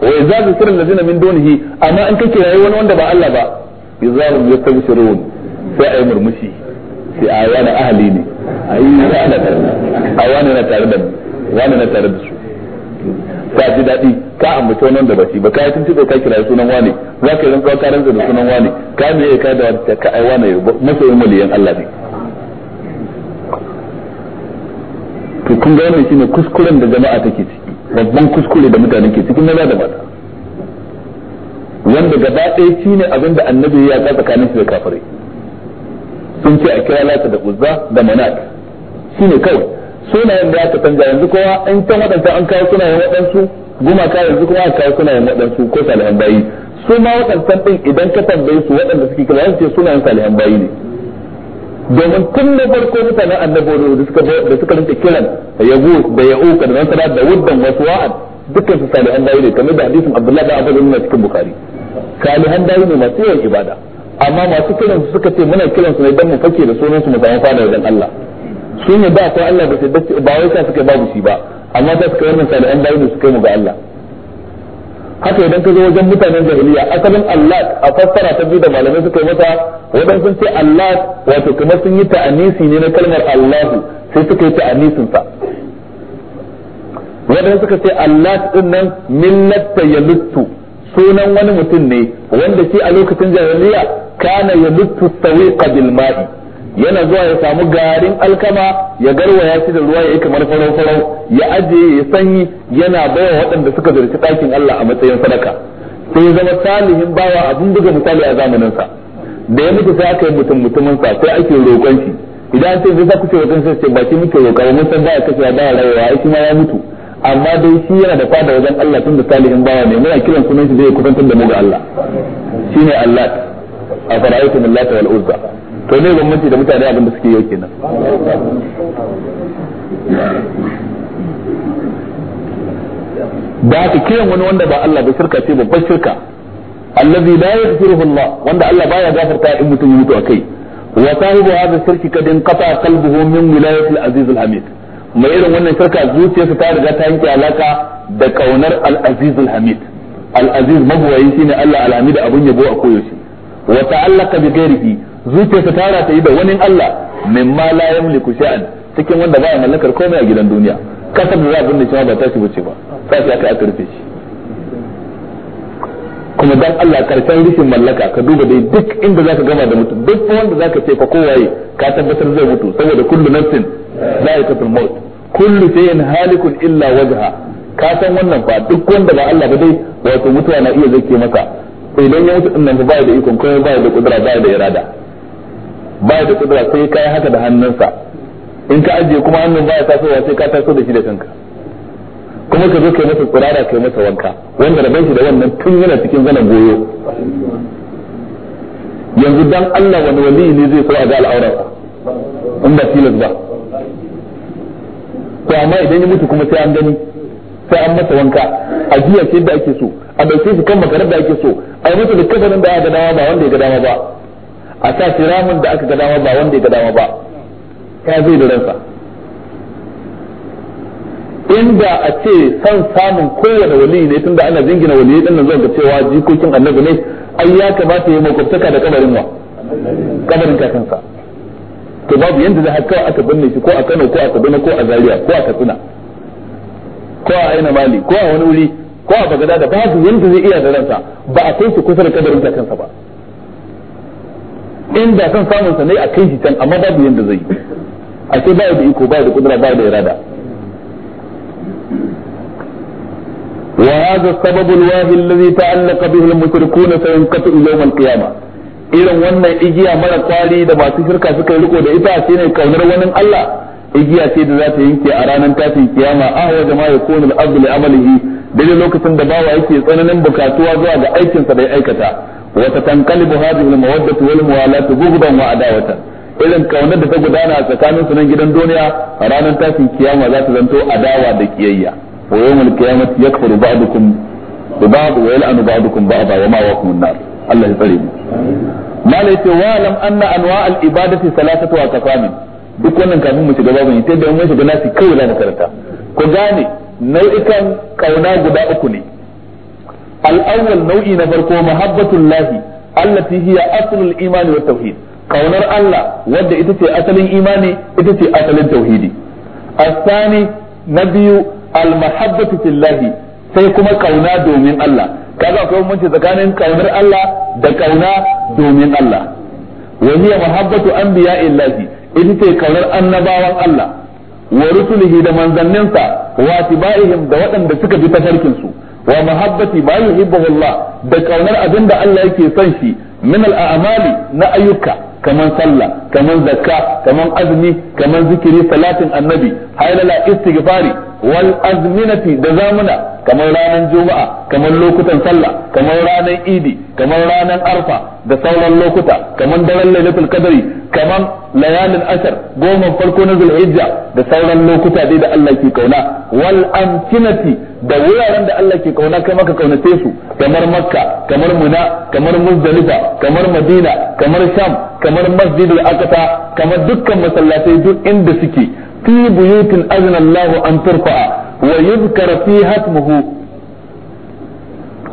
wa idza zikra ladina min dunihi amma an kake rayuwa wani wanda ba Allah ba yazalum yastabshirun sai ayi murmushi sai a yana ahli ne ayi ana tare a wani na tare da wani na tare da su ka ji daɗi ka ambaci wannan da bashi ba ka yi tuntuɓe ka kira sunan wane za ka yi rantsuwa ka rantsa da sunan wane ka me ya ka da wata ka ai wane masoyin maliyan Allah ne kun ga wannan shine kuskuren da jama'a take ciki babban kuskure da mutane ke cikin maza da mata wanda gaba ɗaya shine abin da annabi ya ka tsakanin su da kafirai sun ce a kira lata da uzza da manat shine kawai sunayen da aka canja yanzu kowa an san waɗansu an kawo sunayen waɗansu gumaka yanzu kuma aka kawo sunayen waɗansu ko salihan bayi su ma waɗansan ɗin idan ka tambaye su waɗanda suke kira yanzu ce sunayen salihan bayi ne domin tun da farko mutanen annabawa da suka da suka rinka kiran yabu da ya'uka da nasara da wuddan wasu wa'ad dukkan su salihan bayi ne kamar da hadisin Abdullahi da Abu Dawud cikin Bukhari salihan bayi ne masu yawan ibada amma masu kiran su suka ce muna kiran su ne dan mu fake da sunan su mu samu fada wajen Allah su ne ba ko Allah ba sai ba wai sa suka babu shi ba amma da suka wannan salihan bayi ne suka mu ga Allah haka idan ka zo wajen mutanen jahiliya asalin Allah a fassara ta biyu da malamai suka yi mata wadan sun ce Allah wato kamar sun yi ta'anisi ne na kalmar Allahu sai suka yi ta'anisin sa wadan suka ce Allah din nan millata yaluttu sunan wani mutum ne wanda shi a lokacin jahiliya kana yaluttu sawiqa bil ma'i yana zuwa ya samu garin alkama ya garwaya shi da ruwa ya yi kamar farau farau ya ajiye ya sanyi yana bawa waɗanda suka zurci ɗakin Allah a matsayin sadaka sai ya zama salihin bawa abin buga misali a zamanin sa da ya mutu sai aka yi mutum mutumin sa sai ake roƙon shi idan ce zai ku ce roƙon sai ce baki muke roƙa mun san ba ya kashe ba ya rayuwa ai kuma ya mutu amma dai shi yana da fada wajen Allah tun da salihin bawa ne muna kiran sunan shi zai kusantar da mu ga Allah shine Allah a fara'aytum Allah wal uzza to ne bambanci da mutane abin da suke yau kenan da aka kiyan wani wanda ba Allah ba shirka ce babbar shirka allazi la yaghfiruhu Allah wanda Allah baya gafarta in mutum ya mutu akai wa sahibu hadha shirki kad inqata qalbuhu min wilayati al-aziz al-hamid mai irin wannan shirka zuciyarsa ta riga ta yanke alaka da kaunar al-aziz al-hamid al-aziz mabuwayi shine Allah al-hamid abun yabo a koyaushe wa ta'allaka bi ghairihi zuciyarsa ta rata yi da wani Allah ma la yamliku sha'an cikin wanda baya mallakar komai a gidan duniya kasar da za a binne shi ba tashi bace ba sai aka aka rufe shi kuma dan Allah karshen rishin mallaka ka duba dai duk inda zaka gama da mutum duk wanda zaka ce ka kowaye ka tabbatar zai mutu saboda kullu nafsin za'iqatul maut kullu shay'in halikun illa wajha ka san wannan fa duk wanda ba Allah ba dai wato mutuwa na iya zake maka idan ya mutu din nan ba da ikon komai ba da kudura ba da irada baya da kudura sai ka yi haka da hannunsa in ka ajiye kuma hannun baya wa sai ka taso da shi da kanka kuma ka zo kai masa tsirara kai masa wanka wanda da shi da wannan tun yana cikin zanen goyo yanzu dan Allah wani wali ne zai so a ga al'aurarsa in ba tilas ba to amma idan ya mutu kuma sai an gani sai an masa wanka a jiya ce da ake so a dauke shi kan makarar da ake so a yi masa da kafanin da ya ga dama ba wanda ya ga dama ba a sa firamin da aka ga dama ba wanda ya ga dama ba ya zai da ransa inda a ce san samun kowane wali ne tun da ana jingina wali din nan zan ga cewa jikokin annabi ne ai ya kamata ya makwabtaka da kabarin wa kabarin kakansa to babu yanda za kawai aka binne shi ko a Kano ko a Kaduna ko a Zaria ko a Katsina ko a Aina Mali ko a wani wuri ko a Bagada da babu yanda zai iya da ransa ba a kai shi kusa da kabarin kakansa ba inda son samun sa ne a kai shi can amma babu yanda zai yi a ce ba da iko ba da kudura ba da irada وهذا السبب الواهي الذي تعلق به المشركون سينقطع يوم القيامة irin wannan igiya mara kwari da masu shirka suka yi riko da ita ce ne kaunar wani Allah igiya ce da za ta yanke a ranar tashin kiyama ahwa jama ya kunu al-abdu li amalihi daidai lokacin da bawa yake tsananin bukatuwa zuwa ga aikinsa da ya aikata وتتنقلب هذه المودة والموالاة بغضا وعداوة irin kaunar da ta gudana tsakanin su nan gidan duniya a ranar tashin kiyama za ta zanto adawa da kiyayya wa yawmul qiyamati yakfuru ba'dukum bi ba'd wa yal'anu ba'dukum ba'da wa ma wakum an-nar Allah ya tsare mu malai ce wa lam anna anwa' al duk wannan kafin mu shiga babin ita da mun shiga nasi kawai ku gane nau'ikan kauna guda uku ne al nau'i na farko mahabbatul lahi allati hiya aslul imani wa tauhid kaunar Allah wadda ita ce asalin imani ita ce asalin tauhidi asani na biyu al-mahabbatu fillahi sai kuma kauna domin Allah kaga akwai bambanci tsakanin kaunar Allah da kauna domin Allah wa hiya mahabbatu anbiya'illahi ita ce kaunar annabawan Allah wa rusulihi da manzanninsa wa tibaihim da waɗanda suka bi tafarkin su wa mahabbati ma yuhibbuhu Allah da kaunar abin da Allah yake son shi min al-a'mali na ayyuka kaman sallah kaman zakka kaman azumi kaman zikiri salatin annabi haylala istighfari wal azminati da zamuna kamar ranar juma'a kamar lokutan sallah kamar ranar idi kamar ranar arfa da sauran lokuta kamar daren lailatul qadari kamar layalin ashar goma farko na zulhijja da sauran lokuta dai da Allah ke kauna wal anci nati da wuraren da Allah ke kauna kai maka kaunace su kamar makka kamar muna kamar muzdalifa kamar madina kamar sham kamar masjidul aqsa kamar dukkan masallatai duk inda suke في بيوت أذن الله أن ترفع ويذكر فيها اسمه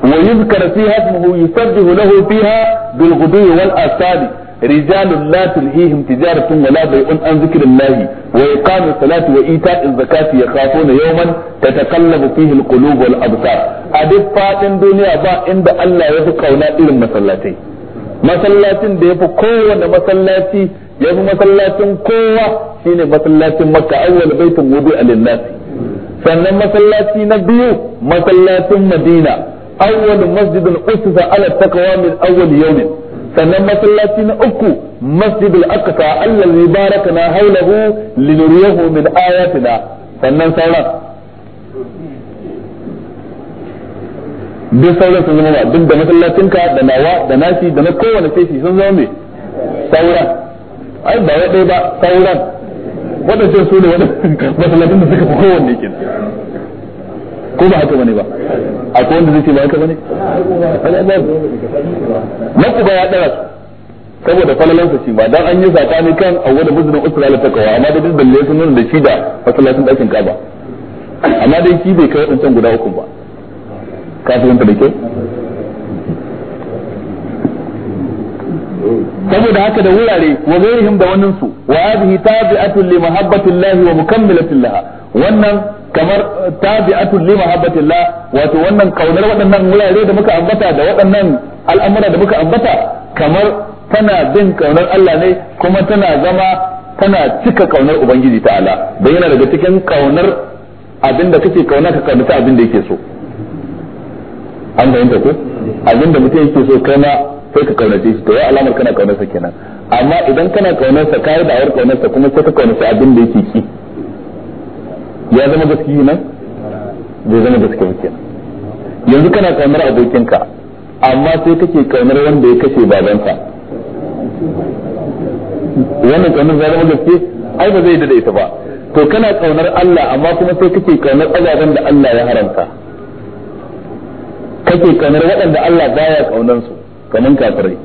ويذكر فيها اسمه يسبح له فيها بالغدو والآثار رجال لا تلهيهم تجارة ولا بيع عن ذكر الله وإقام الصلاة وإيتاء الزكاة يخافون يوما تتقلب فيه القلوب والأبصار أدب إن دنيا با إن الله يبقى ولا إلم مسلاتي مسلاتين ديبو كون مسلاتي ya fi masallacin kowa shine masallacin makka awwal baitin wudu'a lin-nas sannan masallaci na biyu masallacin madina awwal masjidin usisa ala taqwa min awwal yawmin sannan masallaci na uku masjidul aqsa allazi barakana hawlahu linuriyahu min ayatina sannan sauran duk sauran sun zama duk da masallacinka da nawa da nasi da na kowane sai sun zama me sauran ai ba wai ba sauran waɗancan su ne masallacin da suka fi kowanne ke ko ba haka bane ba ko wanda zai ce ba haka bane na kuba ya ɗara saboda su shi ba dan an yi sakani kan a da musulun usra ta takawa amma da duk dalle sun nuna da shi da masallacin ɗakin kaba amma dai shi bai kai waɗancan guda uku ba ka fahimta da kyau saboda haka da wurare wa gairihim da wannan su wa hadhihi tabi'atun li mahabbatillahi wa mukammilatin laha wannan kamar eh, tabi'atun li mahabbatillah wato wannan kaunar waɗannan wurare da muka ambata da waɗannan al'amura da muka ambata kamar tana bin kaunar Allah ne kuma tana zama tana cika kaunar ubangiji ta'ala don yana daga cikin kaunar abinda kake kauna ka kaunata abinda yake so an fahimta ko abinda mutum yake so kai ma sai ka kaunace shi to ya alamar kana kaunarsa kenan amma idan kana kaunarsa kai da awar kaunarsa kuma sai ka kaunace abin da yake ki ya zama gaskiya nan bai zama gaskiya kenan yanzu kana kaunar abokinka amma sai kake kaunar wanda ya kashe babansa wannan kaunar zai zama gaske ai ba zai da ita ba to kana kaunar Allah amma kuma sai kake kaunar azaban da Allah ya haramta kake kaunar waɗanda Allah baya kaunar su kaman kafirai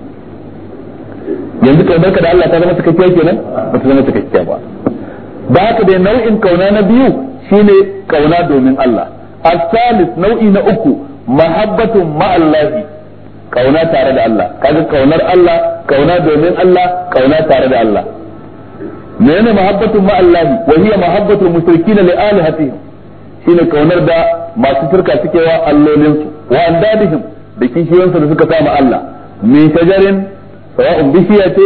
yanzu kaunar ka da Allah ta zama sakakkiya kenan ba ta zama sakakkiya ba da haka dai nau'in kauna na biyu shine kauna domin Allah as nau'i na uku mahabbatun ma'allahi kauna tare da Allah kaga kaunar Allah kauna domin Allah kauna tare da Allah menene mahabbatun ma'allahi wa hiya mahabbatul mushrikin li alihatihim shine kaunar da masu shirka suke wa allolinsu wa andadihim da kishiyansu da suka sa Allah min shajarin sawa'un bishiya ce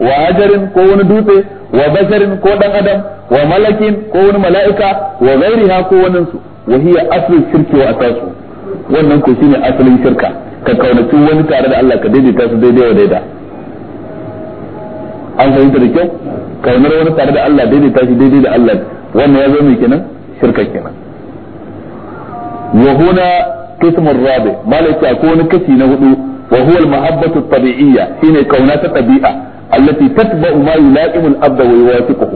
wa hajarin ko wani dutse wa basharin ko dan adam wa malakin ko wani mala'ika wa ghairiha ko wani su wa hiya aslu shirki wa asasu wannan ko shine asalin shirka ka kaunaci wani tare da Allah ka daidaita su daidai wa daida an fahimta da kyau kaunar wani tare da Allah daidaita shi daidai da Allah wannan ya zo mai kenan shirka kenan wa huna qismur rabi malaka ko wani kashi na hudu wahuwar huwa mahabbatu at-tabi'iyya shine kauna ta tabi'a allati tatba'u ma yulaqimu al-abda wa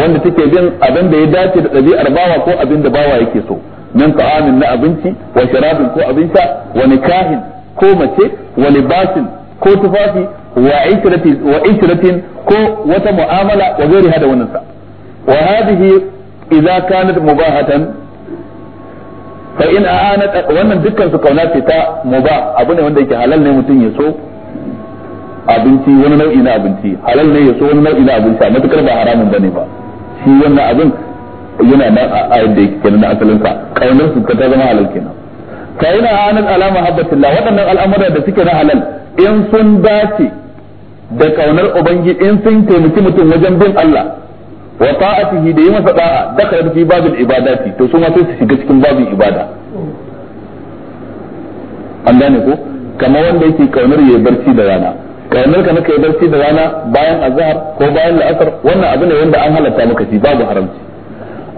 wanda take bin abin da ya dace da ɗabi'ar bawa ko abin da bawa yake so min ta'amin na abinci wa rabin ko abin sha wa nikahin ko mace wani libasin ko tufafi wa ikratin wa ko wata mu'amala wa gairi hada wannan sa wa hadhihi idza kanat mubahatan fa in aana wannan dukkan su kauna ce ta muba abu ne wanda yake halal ne mutum ya so abinci wani nau'i na abinci halal ne ya so wani nau'i na abinci a matukar ba haramun bane ba shi wannan abin yana nan a yadda yake kenan na asalin sa kaunar su ta zama halal kenan fa in aana ala mahabbatillah waɗannan al'amura da suke na halal in sun dace da kaunar ubangiji in sun taimaki mutum wajen bin Allah wa ta'atihi da yi masa da'a dakala fi babul ibadati to su ma sai su shiga cikin babin ibada an gane ko kamar wanda yake kaunar yayi barci da rana kaunar ka naka yi barci da rana bayan azhar ko bayan la'asar wannan abu ne wanda an halatta maka shi babu haramci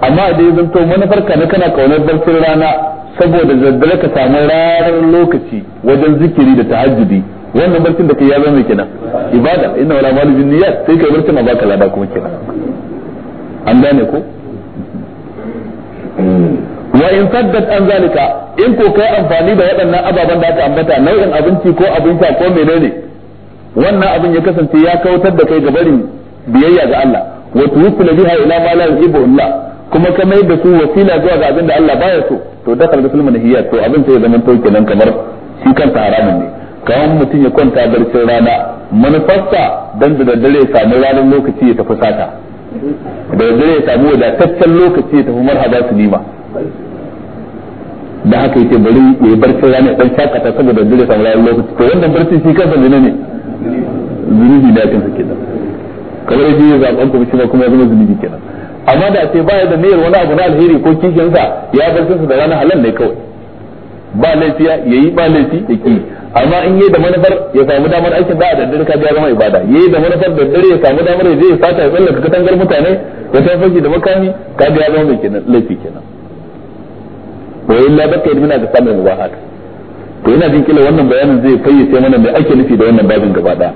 amma da ya zanto manufar ka na kana kaunar barcin rana saboda daddare ka samu rarar lokaci wajen zikiri da tahajjudi wannan barcin da kai ya zama kenan ibada inna wala malu bin sai kai barcin ma baka lada kuma kenan an gane ko wa in saddat an zalika in ko kai amfani da waɗannan ababen da aka ambata nau'in abinci ko abin sha ko menene wannan abin ya kasance ya kautar da kai ga barin biyayya ga Allah wa tuwfil biha ila ma la yuhibbu Allah kuma ka mai da su wasila zuwa ga abin da Allah baya so to dakal sulman hiya to abin sai ya zama to kenan kamar shi kanta haramun ne kawan mutum ya kwanta barcin rana manufarsa dan da daddare ya samu ranar lokaci ya tafi sata da yanzu ya samu wadataccen lokaci ta tafi marhaba su nima da haka yake bari ya yi barcin rana ɗan dan shakata saboda dole samu rayuwar lokaci to wannan barci shi kansa ne ne zunubi da kansa kenan kamar yadda ya zaɓen kuma shi kuma ya zama zunubi kenan amma da ce baya da niyyar wani abu na alheri ko kishinsa ya bar kansa da ranar halal ne kawai ba laifi ya yi ba laifi ya ke amma in yi da manufar ya samu damar aikin da a daddare ka zama ibada yi da manufar da dare ya samu damar ya je ya fata ya tsallaka katangar mutane ya tafi da makami ka ga zama mai kenan laifi kenan wa illa baka yi mina da samun mubahat to yana jin kila wannan bayanin zai fayyace mana me ake nufi da wannan babin gaba daya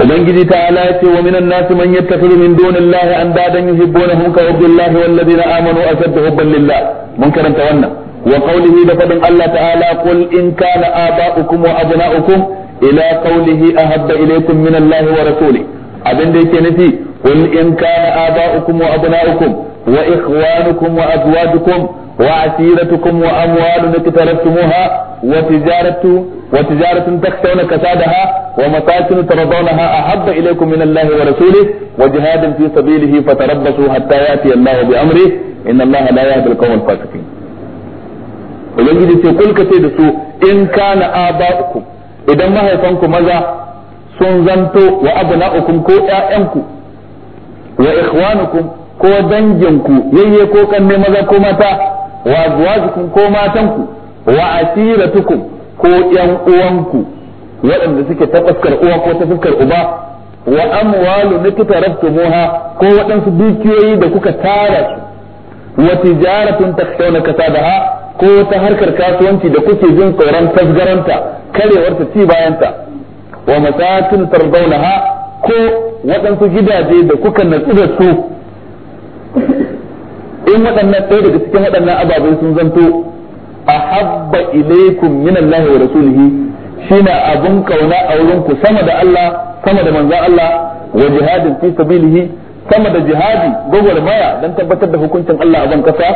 ubangiji ta ala ce wa minan nasi man yattakhidhu min dunillahi andadan yuhibbunahum ka hubbillahi wal ladina amanu ashaddu hubban lillah mun karanta wannan وقوله دفد الله تعالى قل إن كان آباؤكم وأبناؤكم إلى قوله أحب إليكم من الله ورسوله أبن ديك نفي قل إن كان آباؤكم وأبناؤكم وإخوانكم وأزواجكم وعشيرتكم وأموال اقترفتموها وتجارة وتجارة تخشون كسادها ومساكن ترضونها أحب إليكم من الله ورسوله وجهاد في سبيله فتربصوا حتى يأتي الله بأمره إن الله لا يهدي القوم الفاسقين ubangiji ce kul ce da su in kana aba'ukum idan mahaifanku maza sun zanto wa abna'ukum ko ƴaƴanku wa ikhwanukum ko danginku yayye ko kanne maza ko mata wa azwajukum ko matanku wa asiratukum ko ƴan uwanku waɗanda suke ta fuskar uwa ko ta uba wa amwalu nikita raftumuha ko waɗansu dukiyoyi da kuka tara su wa tijaratun takhawna kasadaha ko ta harkar kasuwanci da kuke jin tsoron tasgaranta karewarta ci bayanta wa masakin tardaunaha ko waɗansu gidaje da kuka natsu da su in waɗannan ɗaya daga cikin waɗannan ababai sun zanto a habba ilaikum min Allah wa rasulihi shine abun kauna a wurin ku sama da Allah sama da manzon Allah wa jihadin fi sabilihi sama da jihadi gogwar maya dan tabbatar da hukuncin Allah a ban kasa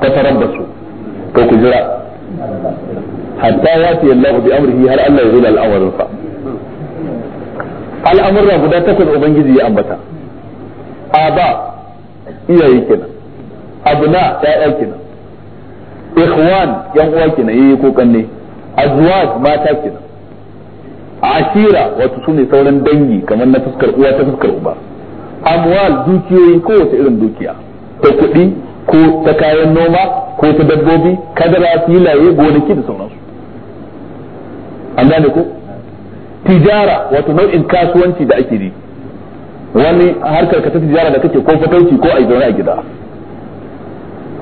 ta tarar da su to ku jira hatta ya ce Allah bi amrihi har Allah ya zo da al'amarin al'amurra guda takwas ubangiji ya ambata aba iyaye kenan abna ya'ya kenan ikhwan yan uwa kenan yayi ko kanne azwaj mata kenan ashira wato sune sauran dangi kamar na fuskar uwa ta fuskar uba amwal dukiyoyi kowace irin dukiya ta kuɗi ko ta kayan noma ko ta dabbobi kadara filaye gonaki da sauransu an gane ko tijara wato nau'in kasuwanci da ake yi wani harkar ka ta tijara da kake ko fatauci ko a zaune a gida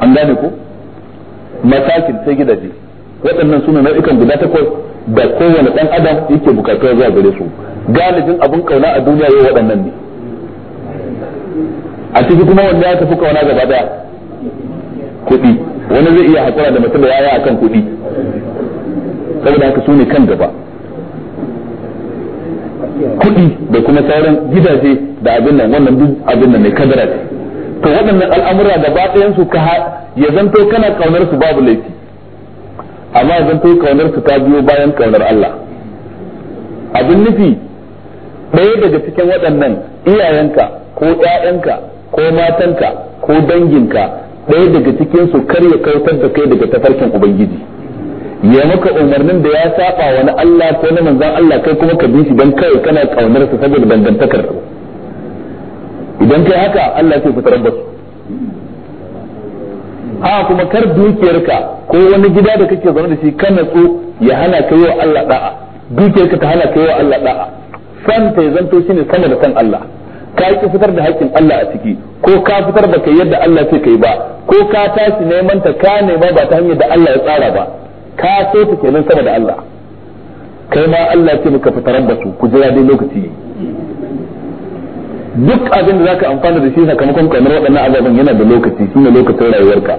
an gane ko masakin sai gidaje waɗannan suna nau'ikan guda takwas da kowane ɗan adam yake bukatuwa zuwa gare su galibin abin kauna a duniya yau waɗannan ne a ciki kuma wanda ya tafi kauna gaba daya kuɗi wani zai iya haƙura da mutum da yaya akan kuɗi saboda haka su ne kan gaba kuɗi da kuma sauran gidaje da abin nan wannan duk abin nan mai kadara ne to waɗannan al'amura da ba ɗayan su ka ya zanto kana kaunar su babu laifi amma ya zanto kaunar su ta biyo bayan kaunar Allah abin nufi ɗaya daga cikin waɗannan iyayenka ko ƴaƴanka ko matanka ko danginka ɗaya daga cikin su kar ya kautar da kai daga tafarkin ubangiji ya maka umarnin da ya saba wani Allah ko na manzon Allah kai kuma ka bi shi dan kai kana kaunar sa saboda dangantakar idan kai haka Allah sai fitar da ha kuma kar dukiyarka ko wani gida da kake zaune da shi kana so ya hana ka yi wa Allah da'a dukiyarka ta hana ka yi wa Allah da'a san ta zanto shine sama da san Allah ka ki fitar da haƙƙin Allah a ciki ko ka fitar da kai yadda Allah ce kai ba ko ka tashi neman ta ka nema ba ta hanyar da Allah ya tsara ba ka so ta kenan sama da Allah kai ma Allah ce maka fitarar da su ku jira dai lokaci duk abin da zaka amfana da shi sakamakon kamar waɗannan azabin yana da lokaci shine lokacin rayuwarka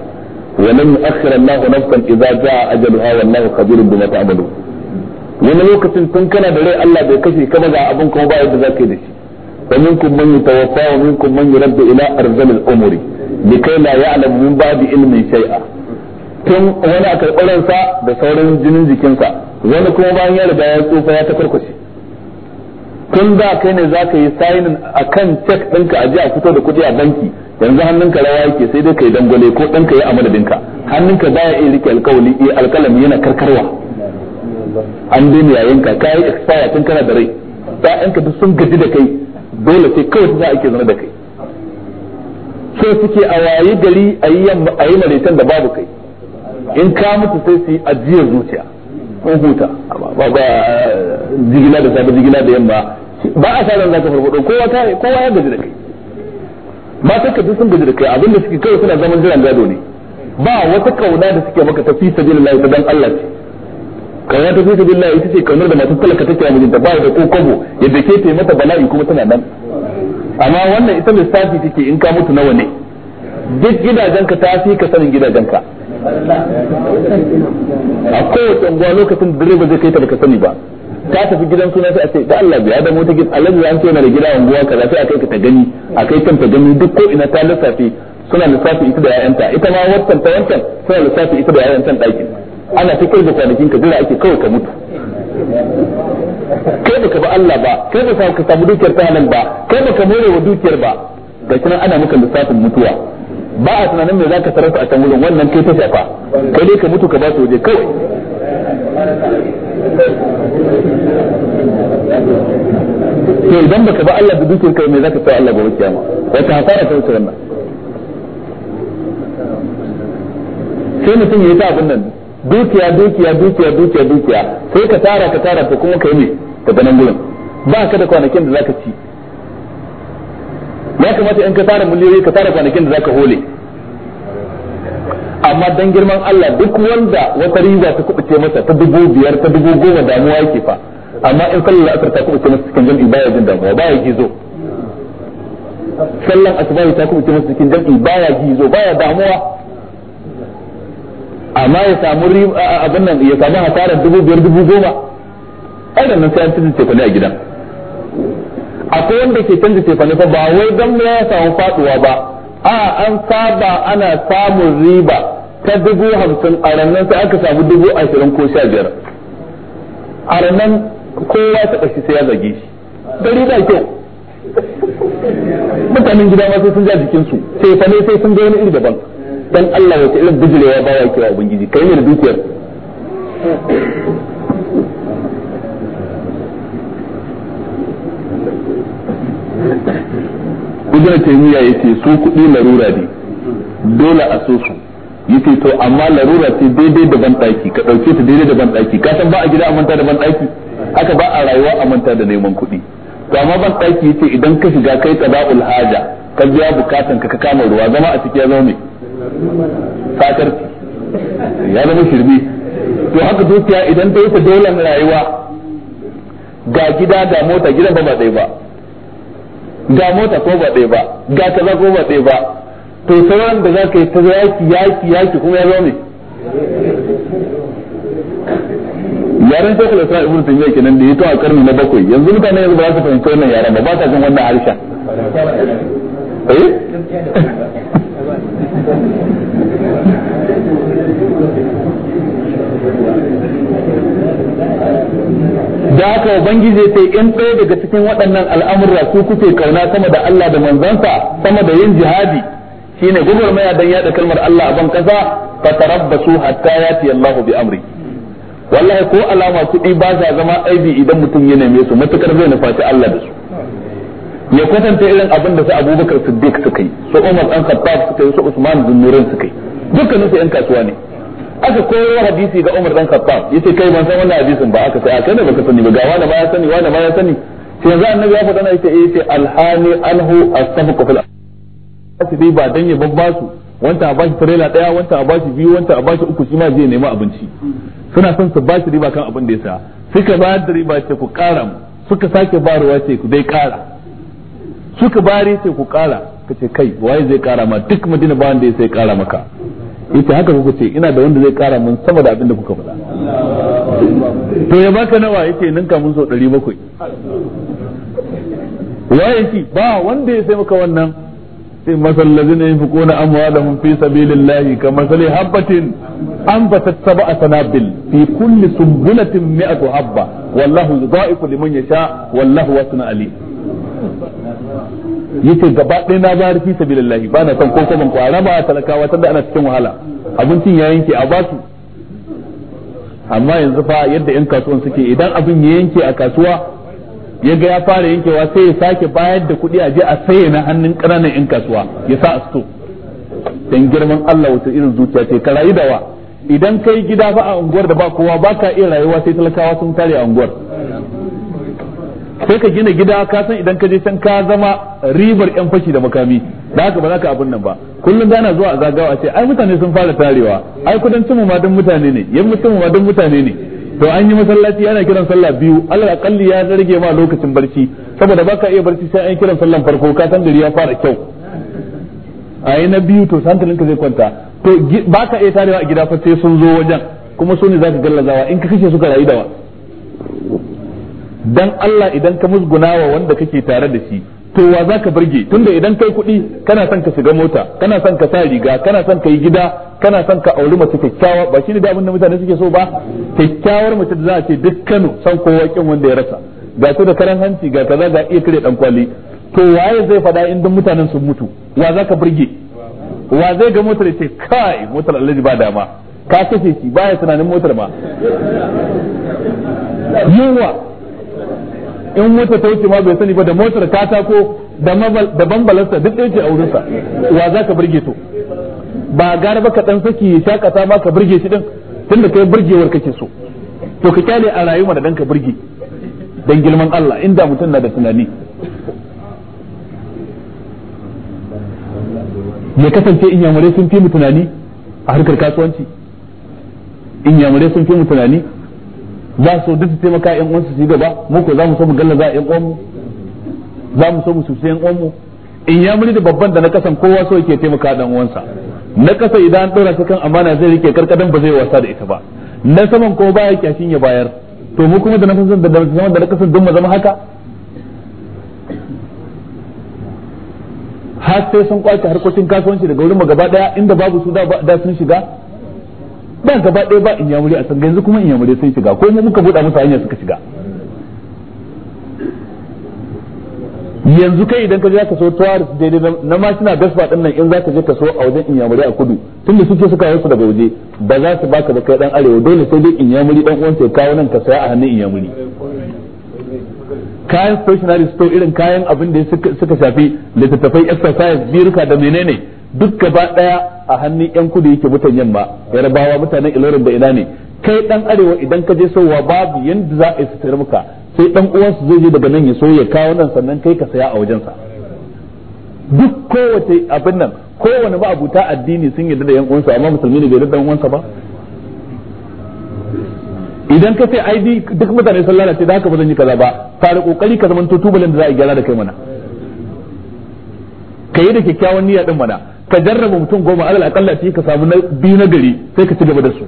ولن يؤخر الله نفسا اذا جاء اجلها والله خبير بما تعملون wani lokacin tun kana da rai Allah bai kashe ka ba ga abin kuma ba yadda zaka yi da shi ومنكم من يتوفى ومنكم من يرد إلى أرذل الأمور لكي لا يعلم من بعد علم شيئا tun wani a karɓarinsa da sauran jinin jikinsa wani kuma bayan ya riga ya tsufa ya tafarkwashe tun da kai ne za ka yi sainin a kan cek ɗinka a ji a fito da kuɗi a banki yanzu hannunka rawa yake sai dai ka yi dangwale ko ɗanka ya amadadinka hannunka baya iya rike alkawali iya alkalami yana karkarwa an daina yayin ka yi expire tun kana da rai ɗayanka duk sun gaji da kai dole sai kawai za ake zama da kai sai suke a waye gari a yi malitan da babu kai in ka mutu sai su yi ajiyar zuciya in huta ba ba jigila da safe jigila da yamma ba a sa za ta farfado kowa ta kowa ya gaji da kai ba ta kaji sun gaji da kai abin da suke kawai suna zaman jiran gado ne ba wata kauna da suke maka tafi sabilillah ta dan Allah ce kauna ta fita billahi ita ce kaunar da masu talaka take a mijinta ba da ko kwabo yadda ke ta mata bala'i kuma tana nan amma wannan ita lissafi take in ka mutu nawa ne duk gidajenka ta fi ka sanin gidajenka a kowace unguwa lokacin da direba zai kai ta baka sani ba ta tafi gidan suna sai a ce da Allah bi adamu ta gidan Allah ya ce na da gida unguwa kaza sai a kai ka ta gani a kai kan ta gani duk ko ina ta lissafi suna lissafi ita da ta ita ma wancan ta wancan suna lissafi ita da ta ɗakin ana ta kai da kwanakin ka jira ake kawai ka mutu kai baka ba Allah ba kai baka ka samu dukiyar ta nan ba kai baka more wa dukiyar ba ga kinan ana maka lissafin mutuwa ba a tunanin me zaka sarrafa a can wurin wannan kai ta shafa kai dai ka mutu ka ba su waje kawai to idan baka ba Allah da dukiyar kai me zaka sai Allah gobe kiyama wata hasara ta wuce wannan sai mutum ya yi ta abin nan dukiya dukiya dukiya dukiya dukiya sai ka tara ka tara to kuma kai ne ka ganin gurin ba ka da kwanakin da zaka ci ya kamata in ka tara miliyoyi ka tara kwanakin da zaka hole amma dan girman Allah duk wanda wata riba ta kubuce masa ta dubu biyar ta dubu goma damuwa yake fa amma in sallar asar ta kubuce masa cikin jam'i baya jin damuwa baya gizo sallan asubahi ta kubuce masa cikin jam'i baya gizo baya damuwa amma ya samu abin nan ya samu hasarar dubu biyar dubu goma ainihin nan sai an canza tefane a gidan akwai wanda ke canza tefane fa ba wai don ya samu faduwa ba a an saba ana samun riba ta dubu hamsin a ranar sai aka samu dubu ashirin ko sha biyar a ranar kowa ta ɓashi sai ya zage shi gari ba kyau mutanen gida ma sai sun ja jikinsu tefane sai sun ga wani iri daban dan Allah wata irin bijirewa ba ya kira ubangiji kai ne da dukiyar ibn ya yace su kuɗi larura ne dole a so su yace to amma larura ce daidai da daki ka dauke ta daidai da daki ka san ba a gida a manta da daki haka ba a rayuwa a manta da neman kuɗi to amma daki yace idan ka shiga kai tsaba'ul haja ka biya bukatan ka ka kama ruwa zama a cikin ya zama fatar ya zama shirbi to haka dukiya idan ta wuce dolan rayuwa ga gida ga mota gidan ba ba ɗaya ba ga mota ko ba ɗaya ba ga kaza ko ba ɗaya ba to sauran da za ka yi ta yaki yaki yaki kuma ya zo ne yaren sai kula sa'a ibnu taymiya kenan da yato a karni na bakwai yanzu mutane yanzu ba za su fahimci wannan yaren ba ba sa jin wannan harshen eh da haka ubangiji sai in ɗaya daga cikin waɗannan al'amurra ku kuke kauna sama da Allah da manzansa sama da yin jihadi shine maya dan yaɗa kalmar Allah a ban kasa tarabbasu hatta yati Allahu bi amri wallahi ko alama kuɗi ba za zama aibi idan mutum ya neme su matukar zai nufaci Allah da su ya kwatanta irin abin da su abubakar siddiq suka yi su umar dan khattab suka yi su usman bin nurin suka yi dukkan su yan kasuwa ne aka koyo hadisi ga umar dan khattab yace kai ban san wannan hadisin ba aka sai aka ne baka sani ba ga wani ba ya sani wani ba ya sani sai yanzu annabi ya faɗa yace eh ce alhani anhu astafaqu fil asibi ba dan ya babba su wanta a bashi trela daya wanta a bashi biyu wanta a bashi uku shi ma zai nemi abinci suna son su bashi riba kan abin da ya saya suka ba da riba ce ku kara suka sake barowa ce ku dai kara kika bari sai ku kara kace kai waye zai kara ma duk madina ba wanda sai kara maka yace haka kuka ce ina da wanda zai kara mun sama da abin da kuka faɗa to ya baka nawa yace ninka mun so 700 waye shi ba wanda ya sai maka wannan sai masal ladina yunfiquna amwalahum fi sabilillahi kamasali habatin anbatat sab'a sanabil fi kulli sumbulatin mi'atu habba wallahu yudha'ifu liman yasha wallahu wasna alim yace gaba ɗaya na bayar fi sabilillahi ba na son ko kuma kwara ba talakawa da ana cikin wahala abincin ya yanke a basu amma yanzu fa yadda yan kasuwan suke idan abin ya yanke a kasuwa ya ga ya fara yankewa sai ya sake bayar da kuɗi a je a saye na hannun ƙananan yan kasuwa ya sa a sto dan girman Allah wata irin zuciya ce ka rayu da wa idan kai gida fa a unguwar da ba kowa ba ka iya rayuwa sai talakawa sun tare a unguwar sai ka gina gida ka san idan ka je can ka zama ribar yan fashi da makami da haka ba za ka abin nan ba kullum dana zuwa a zagawa ce ai mutane sun fara tarewa ai kudan mu ma dan mutane ne yan mu ma dan mutane ne to an yi masallaci ana kiran sallah biyu Allah akalli ya rage ma lokacin barci saboda baka iya barci sai an kiran sallan farko ka san gari ya fara kyau a na biyu to hankalinka zai kwanta to baka iya tarewa a gida fa sai sun zo wajen kuma su ne zaka gallazawa in ka kashe suka rayu da wa dan Allah idan ka musguna wa wanda kake tare da shi to wa za ka burge tunda idan kai kuɗi kana son ka shiga mota kana son ka sa riga kana son ka yi gida kana son ka auri mace kyakkyawa ba shi ne da abin da mutane suke so ba kyakkyawar mace da za a ce duk san kowa kin wanda ya rasa ga ku da karan hanci ga kaza ga iya kire dan kwali to waye zai faɗa in mutanen sun mutu wa za ka burge wa zai ga motar ce kai motar Allah ba dama ka kace shi baya tunanin motar ma yawa in wuta ta wuce ma bai sani ba da motar katako da bambalarsa duk ɗaya ce a wurinsa wa za ka burge to ba gara ba ka ɗan saki ya shakata ba ka burge shi ɗin tunda kai burgewar kake so to ka kyale a rayuwa da ɗan ka burge dan girman Allah inda mutum na da tunani ya kasance inyamurai sun fi mu tunani a harkar kasuwanci inyamurai sun fi mu tunani za su duk su taimaka yan uwansu su yi gaba mu ko za mu so mu gallaza yan mu za mu so mu su yan mu in ya muri da babban da na kasan kowa so yake taimaka dan uwansa na kasa idan an dora ta kan amana zai rike karkadan ba zai wasa da ita ba na saman ko baya kyashin ya bayar to mu kuma da na kasan da zaman da na kasan duk mu zama haka har sai sun kwace harkokin kasuwanci daga wurin mu gaba daya inda babu su da sun shiga ba gaba ɗaya ba inyamuri a san yanzu kuma inyamuri sun shiga ko mu muka buɗa musu hanya suka shiga yanzu kai idan ka je ka so tuwaris daidai na mashina gasfa din nan in za ka je ka so a wajen inyamuri a kudu tunda suke suka yi su daga waje ba za su baka ba kai dan arewa dole sai dai inyamuri dan uwan ya kawo nan ka saya a hannun inyamuri kayan stationary store irin kayan abin da suka shafi littattafai exercise biruka da menene duk gaba daya a hannun yan kudu yake mutan yamma yarbawa mutanen ilorin da ina ne kai dan arewa idan ka je sowa babu yanda za a sitar muka sai dan uwansu zai je daga nan ya so ya kawo nan sannan kai ka saya a wajensa duk kowace abin nan kowane ma'abuta addini sun yarda da yan uwansa amma musulmi ne bai yarda da uwansa ba idan ka sai ID duk mutane sun lalace da haka ba zan yi kaza ba fara kokari ka zama tubalin da za a gyara da kai mana ka yi da kyakkyawan niyya din mana ka jarraba mutum goma alal akalla fi ka samu biyu na gari sai ka ci gaba da su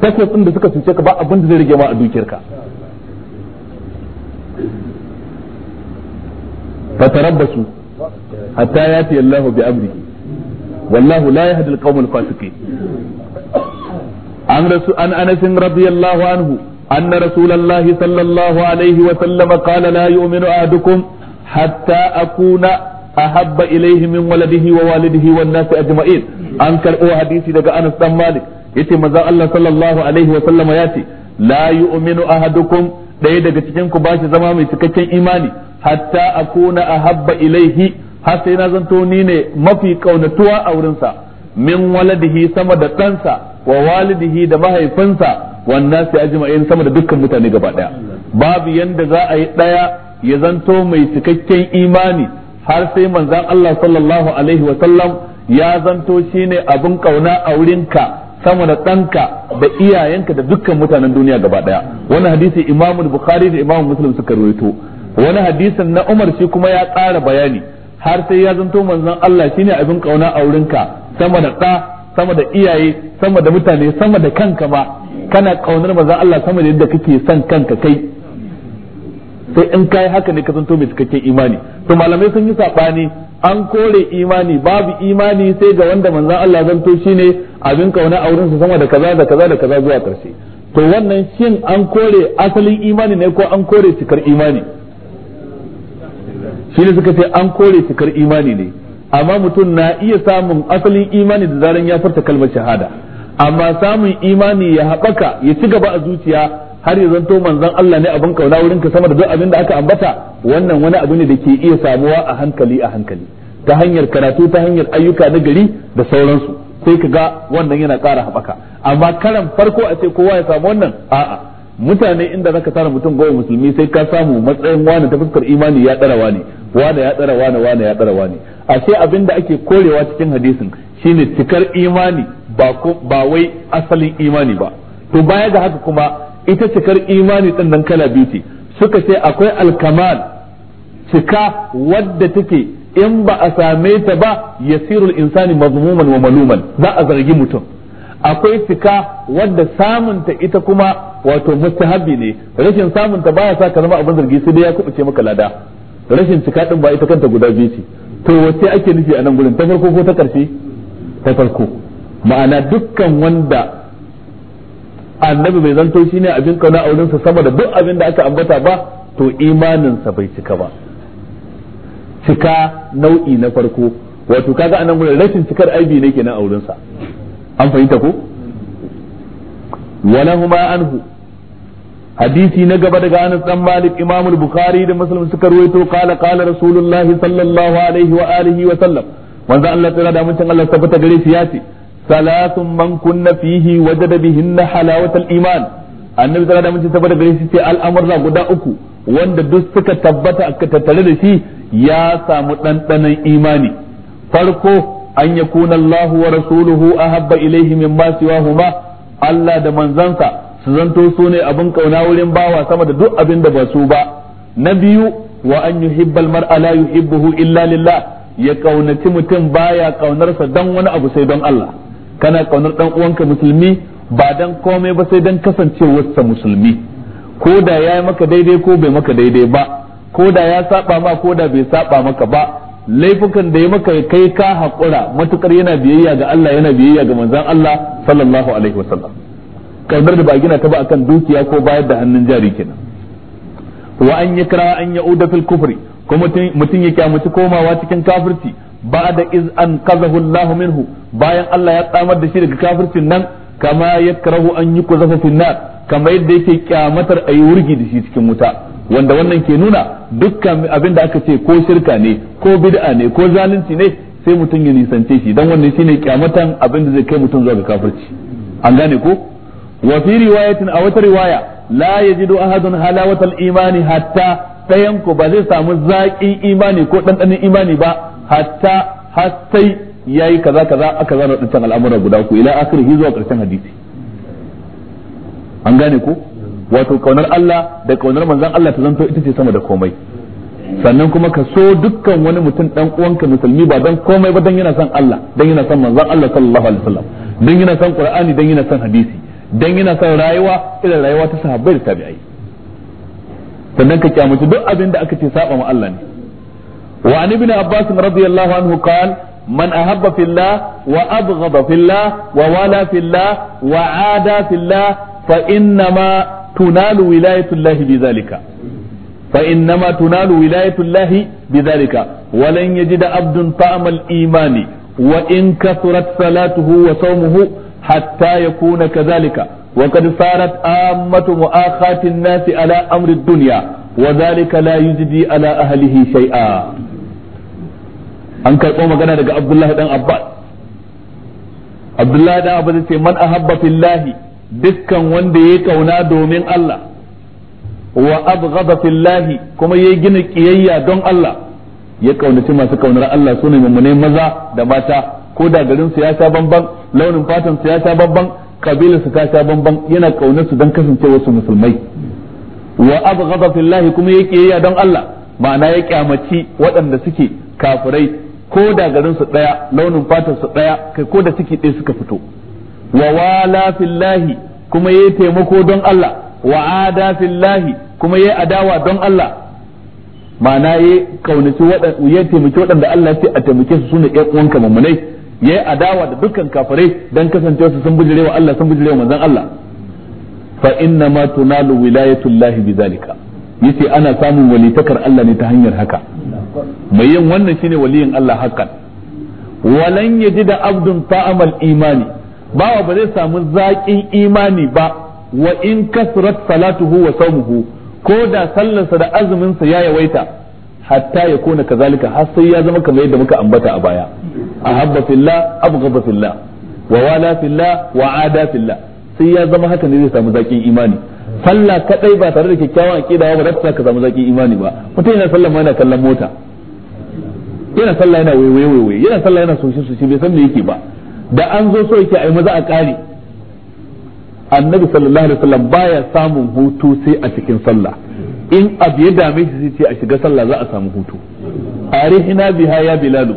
takwas ɗin da suka cuce ka ba abin da zai rage ma a dukiyarka fatarabbasu hatta yati Allahu bi amri wallahu la yahdi al-qawm an rasu an Anas radiyallahu anhu anna rasulullahi sallallahu alaihi wa sallam qala la yu'minu ahadukum hatta akuna ahabba ilayhi min waladihi wa walidihi wan nas ajma'in an karbo hadisi daga Anas dan Malik yace manzon Allah sallallahu alaihi wa sallama yace la yu'minu daya daga cikin ku bashi zama mai cikakken imani hatta akuna ahabba ilaihi har sai na zanto ni ne mafi kaunatuwa a wurinsa min waladihi sama da ɗansa wa walidihi da mahaifinsa wannan sai ajma'in sama da dukkan mutane gaba daya babu yanda za a yi daya ya zanto mai cikakken imani har sai manzan Allah sallallahu alaihi wa sallam ya zanto ne abin kauna a wurinka sama da ɗanka da iyayenka da dukkan mutanen duniya gaba ɗaya wani hadisi imamu bukhari da imamu muslim suka rawaito wani hadisin na umar shi kuma ya tsara bayani har sai ya zanto manzan Allah shine abin kauna a wurinka sama da ɗa sama da iyaye sama da mutane sama da kanka ma kana ƙaunar manzan Allah sama da yadda kake son kanka kai sai in kai haka ne ka zanto mai cikakken imani to malamai sun yi sabani an kore imani babu imani sai ga wanda manzon Allah zanto shine abin kauna a wurin sa sama da kaza da kaza da kaza zuwa karshe to wannan shin an kore asalin imani ne ko an kore cikar imani shi ne suka ce an kore cikar imani ne amma mutum na iya samun asalin imani da zaran ya furta kalmar shahada amma samun imani ya haɓaka ya ci gaba a zuciya har ya zanto manzon Allah ne abin kauna wurin ka sama da duk abin da aka ambata wannan wani abu ne da ke iya samuwa a hankali a hankali ta hanyar karatu ta hanyar ayyuka na gari da sauransu sai ka ga wannan yana ƙara haɓaka amma karan farko a ce kowa ya samu wannan a'a mutane inda zaka tara mutum goma musulmi sai ka samu matsayin wani ta fuskar imani ya ɗara wani wani ya ɗara wani wani ya ɗara wani ashe abin da ake korewa cikin hadisin shine cikar imani ba wai asalin imani ba to baya ga haka kuma ita cikar imani din nan kala biyu ce suka ce akwai alkamal cika wadda take in ba a same ta ba yasirul insani mazmuman wa maluman za a zargi mutum akwai cika wadda samunta ita kuma wato mustahabi ne rashin samunta baya sa ka zama abin zargi sai dai ya kubuce maka lada rashin cika din ba ita kanta guda biyu ce to wace ake nufi a nan gurin ta farko ko ta karshe ta farko ma'ana dukkan wanda annabi bai zanto ne abin kauna a wurinsa sama da duk abin da aka ambata ba to imaninsa bai cika ba cika nau'i na farko wato kaga anan gurin rashin cikar aibi ne kenan a wurinsa an fahimta ko huma anhu hadisi na gaba daga Anas dan Malik Imam bukhari da Muslim suka ruwaito qala qala rasulullahi sallallahu alaihi wa alihi wa sallam manzo Allah ta da mun Allah tabbata gare shi ya ce salatun man kunna fihi wajada bihinna halawatal iman annabi sallallahu alaihi wasallam saboda gare shi al'amurra guda uku wanda duk suka tabbata aka tattare da shi ya samu ɗanɗanon imani farko an ya kuna Allah wa rasuluhu ahabba ilaihi mimma siwahuma Allah da manzansa su zanto su ne abin kauna wurin bawa sama da duk abin da ba su ba na biyu wa an yuhibbal mar'a la yuhibbuhu illa lillah ya kaunaci mutum baya kaunarsa dan wani abu sai don Allah kana kaunar dan uwanka musulmi ba dan komai ba sai dan kasancewarsa musulmi ko da ya yi maka daidai ko bai maka daidai ba ko da ya saba ma ko da bai saba maka ba laifukan da ya maka kai ka haƙura matukar yana biyayya ga Allah yana biyayya ga manzon Allah sallallahu alaihi wasallam kaddar da ba gina ta ba akan dukiya ko bayar da hannun jari kenan wa an yakra an ya'uda fil kufri ko mutum ya kyamaci komawa cikin kafirci ba'da iz anqadhahu Allah minhu bayan Allah ya tsamar da shi daga kafircin nan kama yakrahu an yuqzafa fi nar kama yadda yake kyamatar ayi wurgi da shi cikin wuta wanda wannan ke nuna dukkan abin da aka ce ko shirka ne ko bid'a ne ko zalunci ne sai mutum ya nisance shi dan wannan shine kyamatan abin da zai kai mutum zuwa ga kafirci an gane ko wa fi riwayatin a wata riwaya la yajidu ahadun halawatal imani hatta ɗayan ku ba zai samu zaƙin imani ko ɗanɗanon imani ba hatta ya yi kaza kaza aka zana dukkan al'amura guda ku ila akhirih zuwa karshen hadisi an gane ku wato kaunar Allah da kaunar manzon Allah ta zanto ita ce sama da komai sannan kuma ka so dukkan wani mutum dan uwanka musulmi ba dan komai ba dan yana son Allah dan yana son manzon Allah sallallahu alaihi wasallam dan yana son Qur'ani dan yana son hadisi dan yana son rayuwa irin rayuwa ta sahabbai da tabi'ai sannan ka kyamaci duk abin da aka ce saba ma Allah ne وعن ابن عباس رضي الله عنه قال من أحب في الله وأبغض في الله ووالى في الله وعادى في الله فإنما تنال ولاية الله بذلك فإنما تنال ولاية الله بذلك ولن يجد عبد طعم الإيمان وإن كثرت صلاته وصومه حتى يكون كذلك وقد صارت آمة مؤاخاة الناس على أمر الدنيا وذلك لا يجدي على أهله شيئا an karɓo magana daga abdullahi dan abbas abdullahi dan abbas ce man ahabba fillahi dukkan wanda ya kauna domin Allah wa abghada fillahi kuma ya gina kiyayya don Allah ya kaunaci masu kaunar Allah sune mummune maza da mata ko da garin su ya sha bamban launin fatan su ya sha bamban kabilar su ta sha bamban yana kaunar su don kasancewa su musulmai wa abghada fillahi kuma ya kiyayya don Allah ma'ana ya kyamaci waɗanda suke kafirai ko da garin su daya launin fatar su daya kai ko da ciki ɗaya suka fito wa wala fillahi kuma yayi taimako don Allah wa ada fillahi kuma yayi adawa don Allah ma'ana yayi kaunaci waɗanda taimaki waɗanda Allah ya a taimake su sune ƴan uwanka mummunai yayi adawa da dukkan kafirai dan kasancewa su sun bijirewa Allah sun bijirewa manzon Allah fa inna ma tunalu wilayatullahi bizalika yace ana samun walitakar Allah ne ta hanyar haka mai yin wannan shine waliyin Allah hakan. walan da abdun ta'amal imani bawa ba zai samu zaƙin imani ba wa in kasrat salatuhu wa sawmuhu ko da sallarsa da azuminsa ya yawaita hatta ya kona kazalika har sai ya zama kamar yadda muka ambata a baya ahabba fillah abghadha fillah wa wala fillah wa ada fillah sai ya zama haka ne zai samu zaƙin imani sallah kadai ba tare da kyakkyawan aqida ba ba za ka samu zaki imani ba mutum yana sallah ma yana kallon mota yana sallah yana waiwaye waiwaye yana sallah yana soshi soshi bai san me yake ba da an zo so yake ai maza a kare annabi sallallahu alaihi wasallam baya samun hutu sai a cikin sallah in abu ya dame shi sai a shiga sallah za a samu hutu arihina biha ya bilalu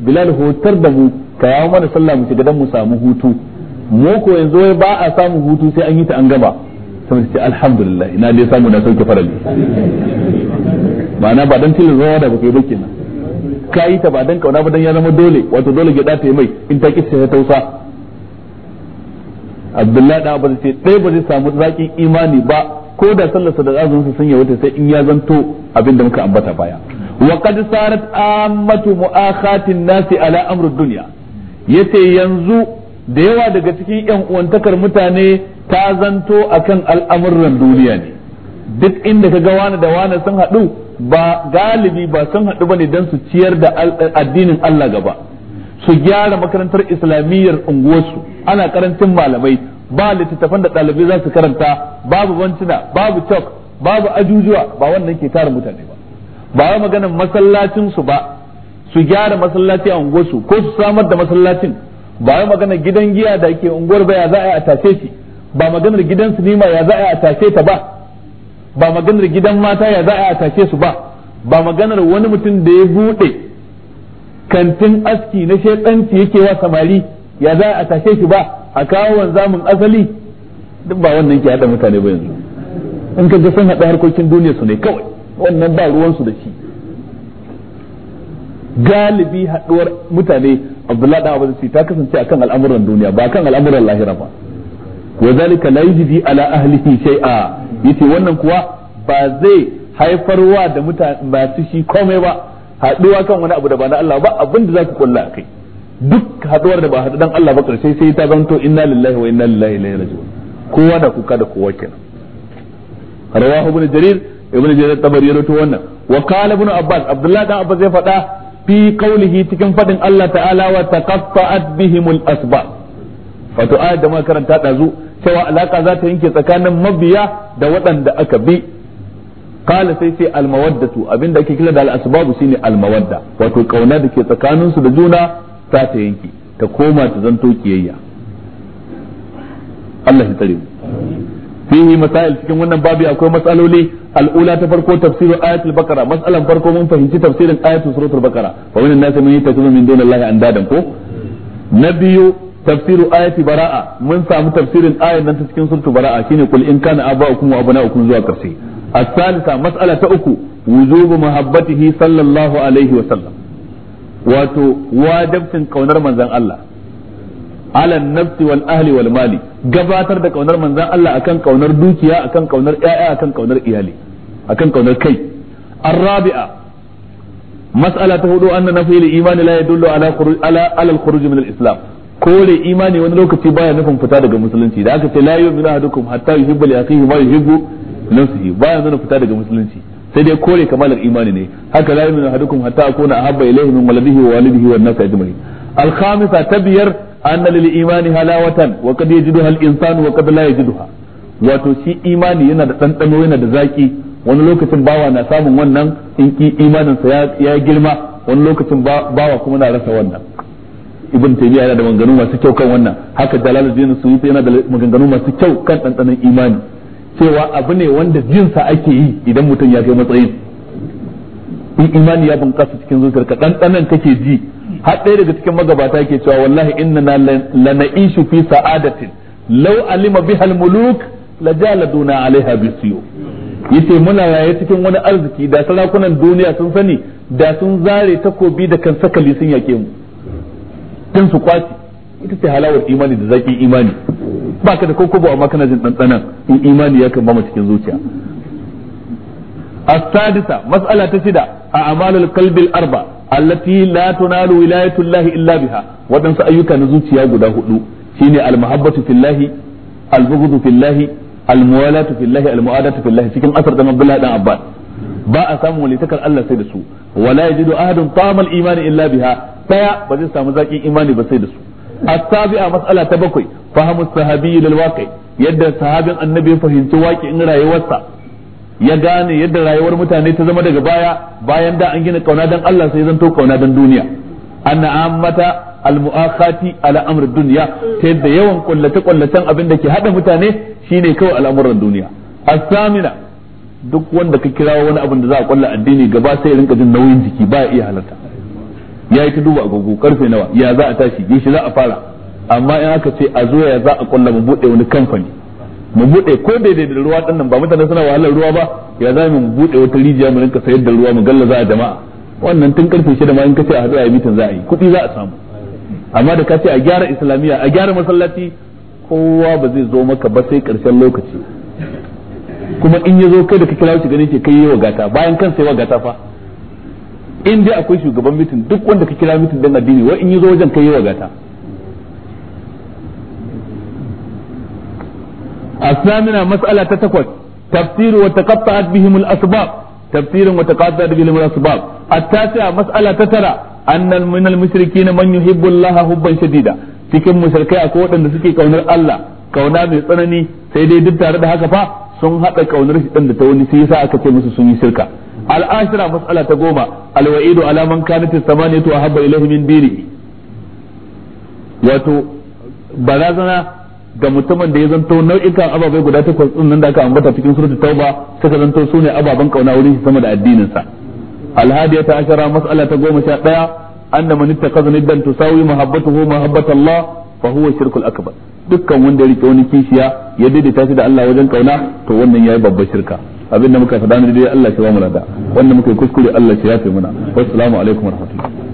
bilal hotar da mu ka yawo mana sallah mu shiga dan mu samu hutu mu ko yanzu ba a samu hutu sai an yi ta an gaba sai ce alhamdulillah ina dai samu na sauke farali ma'ana ba dan tilin rawa da bakai bakin nan kenan ka yi ta ba dan kauna ba dan ya zama dole wato dole gida ta yi mai in ta kisa ta tausa abdullahi da ba ce ɗaya ba zai samu zakin imani ba ko da sallarsa da su sun yawata sai in ya zanto abin da muka ambata baya wa qad sarat ammatu mu'akhatin nasi ala amrud dunya yace yanzu da yawa daga cikin yan uwantakar mutane ta zanto a kan al'amuran duniya ne duk inda ka ga wani da wani sun haɗu ba galibi ba sun haɗu ba ne don su ciyar da addinin Allah gaba su gyara makarantar islamiyyar unguwarsu ana karancin malamai ba littattafan da ɗalibai za su karanta babu bantina babu cok babu ajujuwa ba wannan ke tara mutane ba ba wa maganar masallacin ba su gyara masallaci a unguwarsu ko su samar da masallacin ba wa maganar gidan giya da ke unguwar baya za a yi a tashe shi ba maganar gidan sinima ya za a tashe ta ba ba maganar gidan mata ya za a atake su ba ba maganar wani mutum da ya bude kantin aski na shedanci yake wa samari ya za a atake shi ba a kawo wanzamin asali duk ba wannan ke hada mutane ba yanzu in ka ga sun hada harkokin duniya su ne kawai wannan ba ruwan da shi galibi haɗuwar mutane abdullahi da abu ta kasance akan al'amuran duniya ba kan al'amuran lahira ba wa zalika la yujdi ala ahlihi shay'a yace wannan kuwa ba zai haifarwa da mutane masu shi komai ba haduwa kan wani abu da ba na Allah ba abin da zaka kulla akai duk haduwar da ba hadu dan Allah ba karshe sai ta zanto inna lillahi wa inna ilaihi raji'un kowa da kuka da kowa kenan rawahu ibn jarir ibn jarir tabari rawaito wannan wa qala ibn abbas abdullahi dan abbas ya faɗa fi qawlihi cikin fadin Allah ta wa taqatta'at bihimul asba wato da muka dazu cewa alaka za ta yanke tsakanin mabiya da waɗanda aka bi kala sai sai almawaddatu abinda ake kira da al'asbabu shine almawadda wato kauna da ke tsakaninsu da juna za ta yanke ta koma ta zanto kiyayya Allah ya tsare mu fihi masail cikin wannan babi akwai matsaloli al'ula ta farko tafsirin ayatul bakara matsalan farko mun fahimci tafsirin ayatul suratul bakara fa wannan nasu mun yi tafsirin min dunillahi andadan ko na biyu tafsiru ayati bara'a mun samu tafsirin ayan nan ta cikin surtu bara'a shine kul in kana aba'ukum wa abna'ukum zuwa karshe as-salisa mas'ala ta uku wujubu mahabbatihi sallallahu alaihi wa sallam wato wajibcin kaunar manzon Allah ala nafsi wal ahli wal mali gabatar da kaunar manzon Allah akan kaunar dukiya akan kaunar ƴaƴa akan kaunar iyali akan kaunar kai ar-rabi'a مسألة هدوء أن نفي الإيمان لا يدل على خروج على على الخروج من الإسلام kore imani wani lokaci baya nufin fita daga musulunci da aka ce la yu'minu ahadukum hatta yuhibba li akhihi ma yuhibbu nafsihi baya nuna fita daga musulunci sai dai kore kamalar imani ne haka la yu'minu ahadukum hatta akuna ahabba ilayhi min waladihi wa walidihi wan nasi ajma'in al-khamisa tabiyar anna lil imani halawatan wa qad yajiduha al-insanu wa qad la yajiduha wato shi imani yana da ɗanɗano yana da zaki wani lokacin bawa na samun wannan in ki imaninsa ya girma wani lokacin bawa kuma na rasa wannan ibn taymiya yana da maganganu masu kyau kan wannan haka jalaluddin suyuti yana da maganganu masu kyau kan ɗanɗanon imani cewa abu ne wanda jinsa ake yi idan mutum ya kai matsayin in imani ya bunƙasa cikin zuciyarka dandanan kake ji har ɗaya daga cikin magabata yake cewa wallahi inna lana'ishu fi sa'adatin law alima bihal muluk lajaladuna alaiha bisiyo yace muna yaye cikin wani arziki da sarakunan duniya sun sani da sun zare takobi da kan sakali sun yake mu sun su kwaci ita ce halawar imani da zaki imani baka da kokobo a makana jin dandanan in imani ya kan ba cikin zuciya as-sadisa mas'ala ta shida a amalul qalbi al-arba allati la tunalu wilayatu llahi illa biha wadansu ayyuka na zuciya guda hudu shine al-mahabbatu fillahi al-bughdu fillahi al-muwalatu cikin asar da Abdullah dan Abbas ba a samu walitakar Allah sai da su wala yajidu ahadun tamal imani illa biha daya ba zai samu zakin imani ba sai da su asabi'a mas'ala ta bakwai fahimu sahabi lil waqi yadda sahabin annabi ya fahimci waki in rayuwarsa ya gane yadda rayuwar mutane ta zama daga baya bayan da an gina kauna dan Allah sai zanto kauna dan duniya anna ammata almu'akhati ala amr dunya ta yadda yawan kullata kullatan abin da ke hada mutane shine kawai al'amuran duniya asamina duk wanda ka kirawo wani abin da za a kulla addini gaba sai rinka jin nauyin jiki ba iya halarta ya yi ta duba agogo karfe nawa ya za a tashi yaushe za a fara amma in aka ce a zo ya za a kulla mu bude wani kamfani mu bude ko daidai da ruwa din ba mutane suna wahalar ruwa ba ya za mu bude wata rijiya mu rinka sayar da ruwa mu gallaza a jama'a wannan tun karfe shida ma in ka ce a haɗu a yi mitin za a yi kuɗi za a samu amma da ka ce a gyara islamiyya a gyara masallaci kowa ba zai zo maka ba sai karshen lokaci kuma in ya zo kai da ka kira shi gani ke kai yi wa gata bayan kan sai wa gata fa in dai akwai shugaban mitin duk wanda ka kira mitin don addini wai in yi zo wajen kai wa gata الثامنة مسألة تتكوت تفسير وتقطعت بهم الأسباب تفسير وتقطعت بهم الأسباب التاسعة مسألة تترى أن من المشركين من يحب الله حبا شديدا cikin mushrikai akwai waɗanda suke kaunar Allah kauna mai tsanani sai dai duk tare da haka fa sun haɗa kaunar shi da ta wani sai yasa aka ce musu sun yi shirka al'ashira mas'ala ta goma alwa'idu ala man kanat as-samaniyatu ahabba ilayhi min dini ga mutumin da ya zanto nau'ikan ababai guda takwas din nan da aka ambata cikin suratul tauba suka zanto su ne ababan kauna wurin sama da addinin sa alhadiyata ashara mas'ala ta goma sha daya anna man ittakaza niddan tusawi mahabbatuhu mahabbatallah fa huwa shirkul akbar dukkan wanda ya rike wani kishiya ya daidaita shi da Allah wajen kauna to wannan yayi babbar shirka abin da muka faɗa ne dai Allah ya ba mu lada wanda muka yi kuskure Allah ya yafe mana wassalamu alaikum warahmatullahi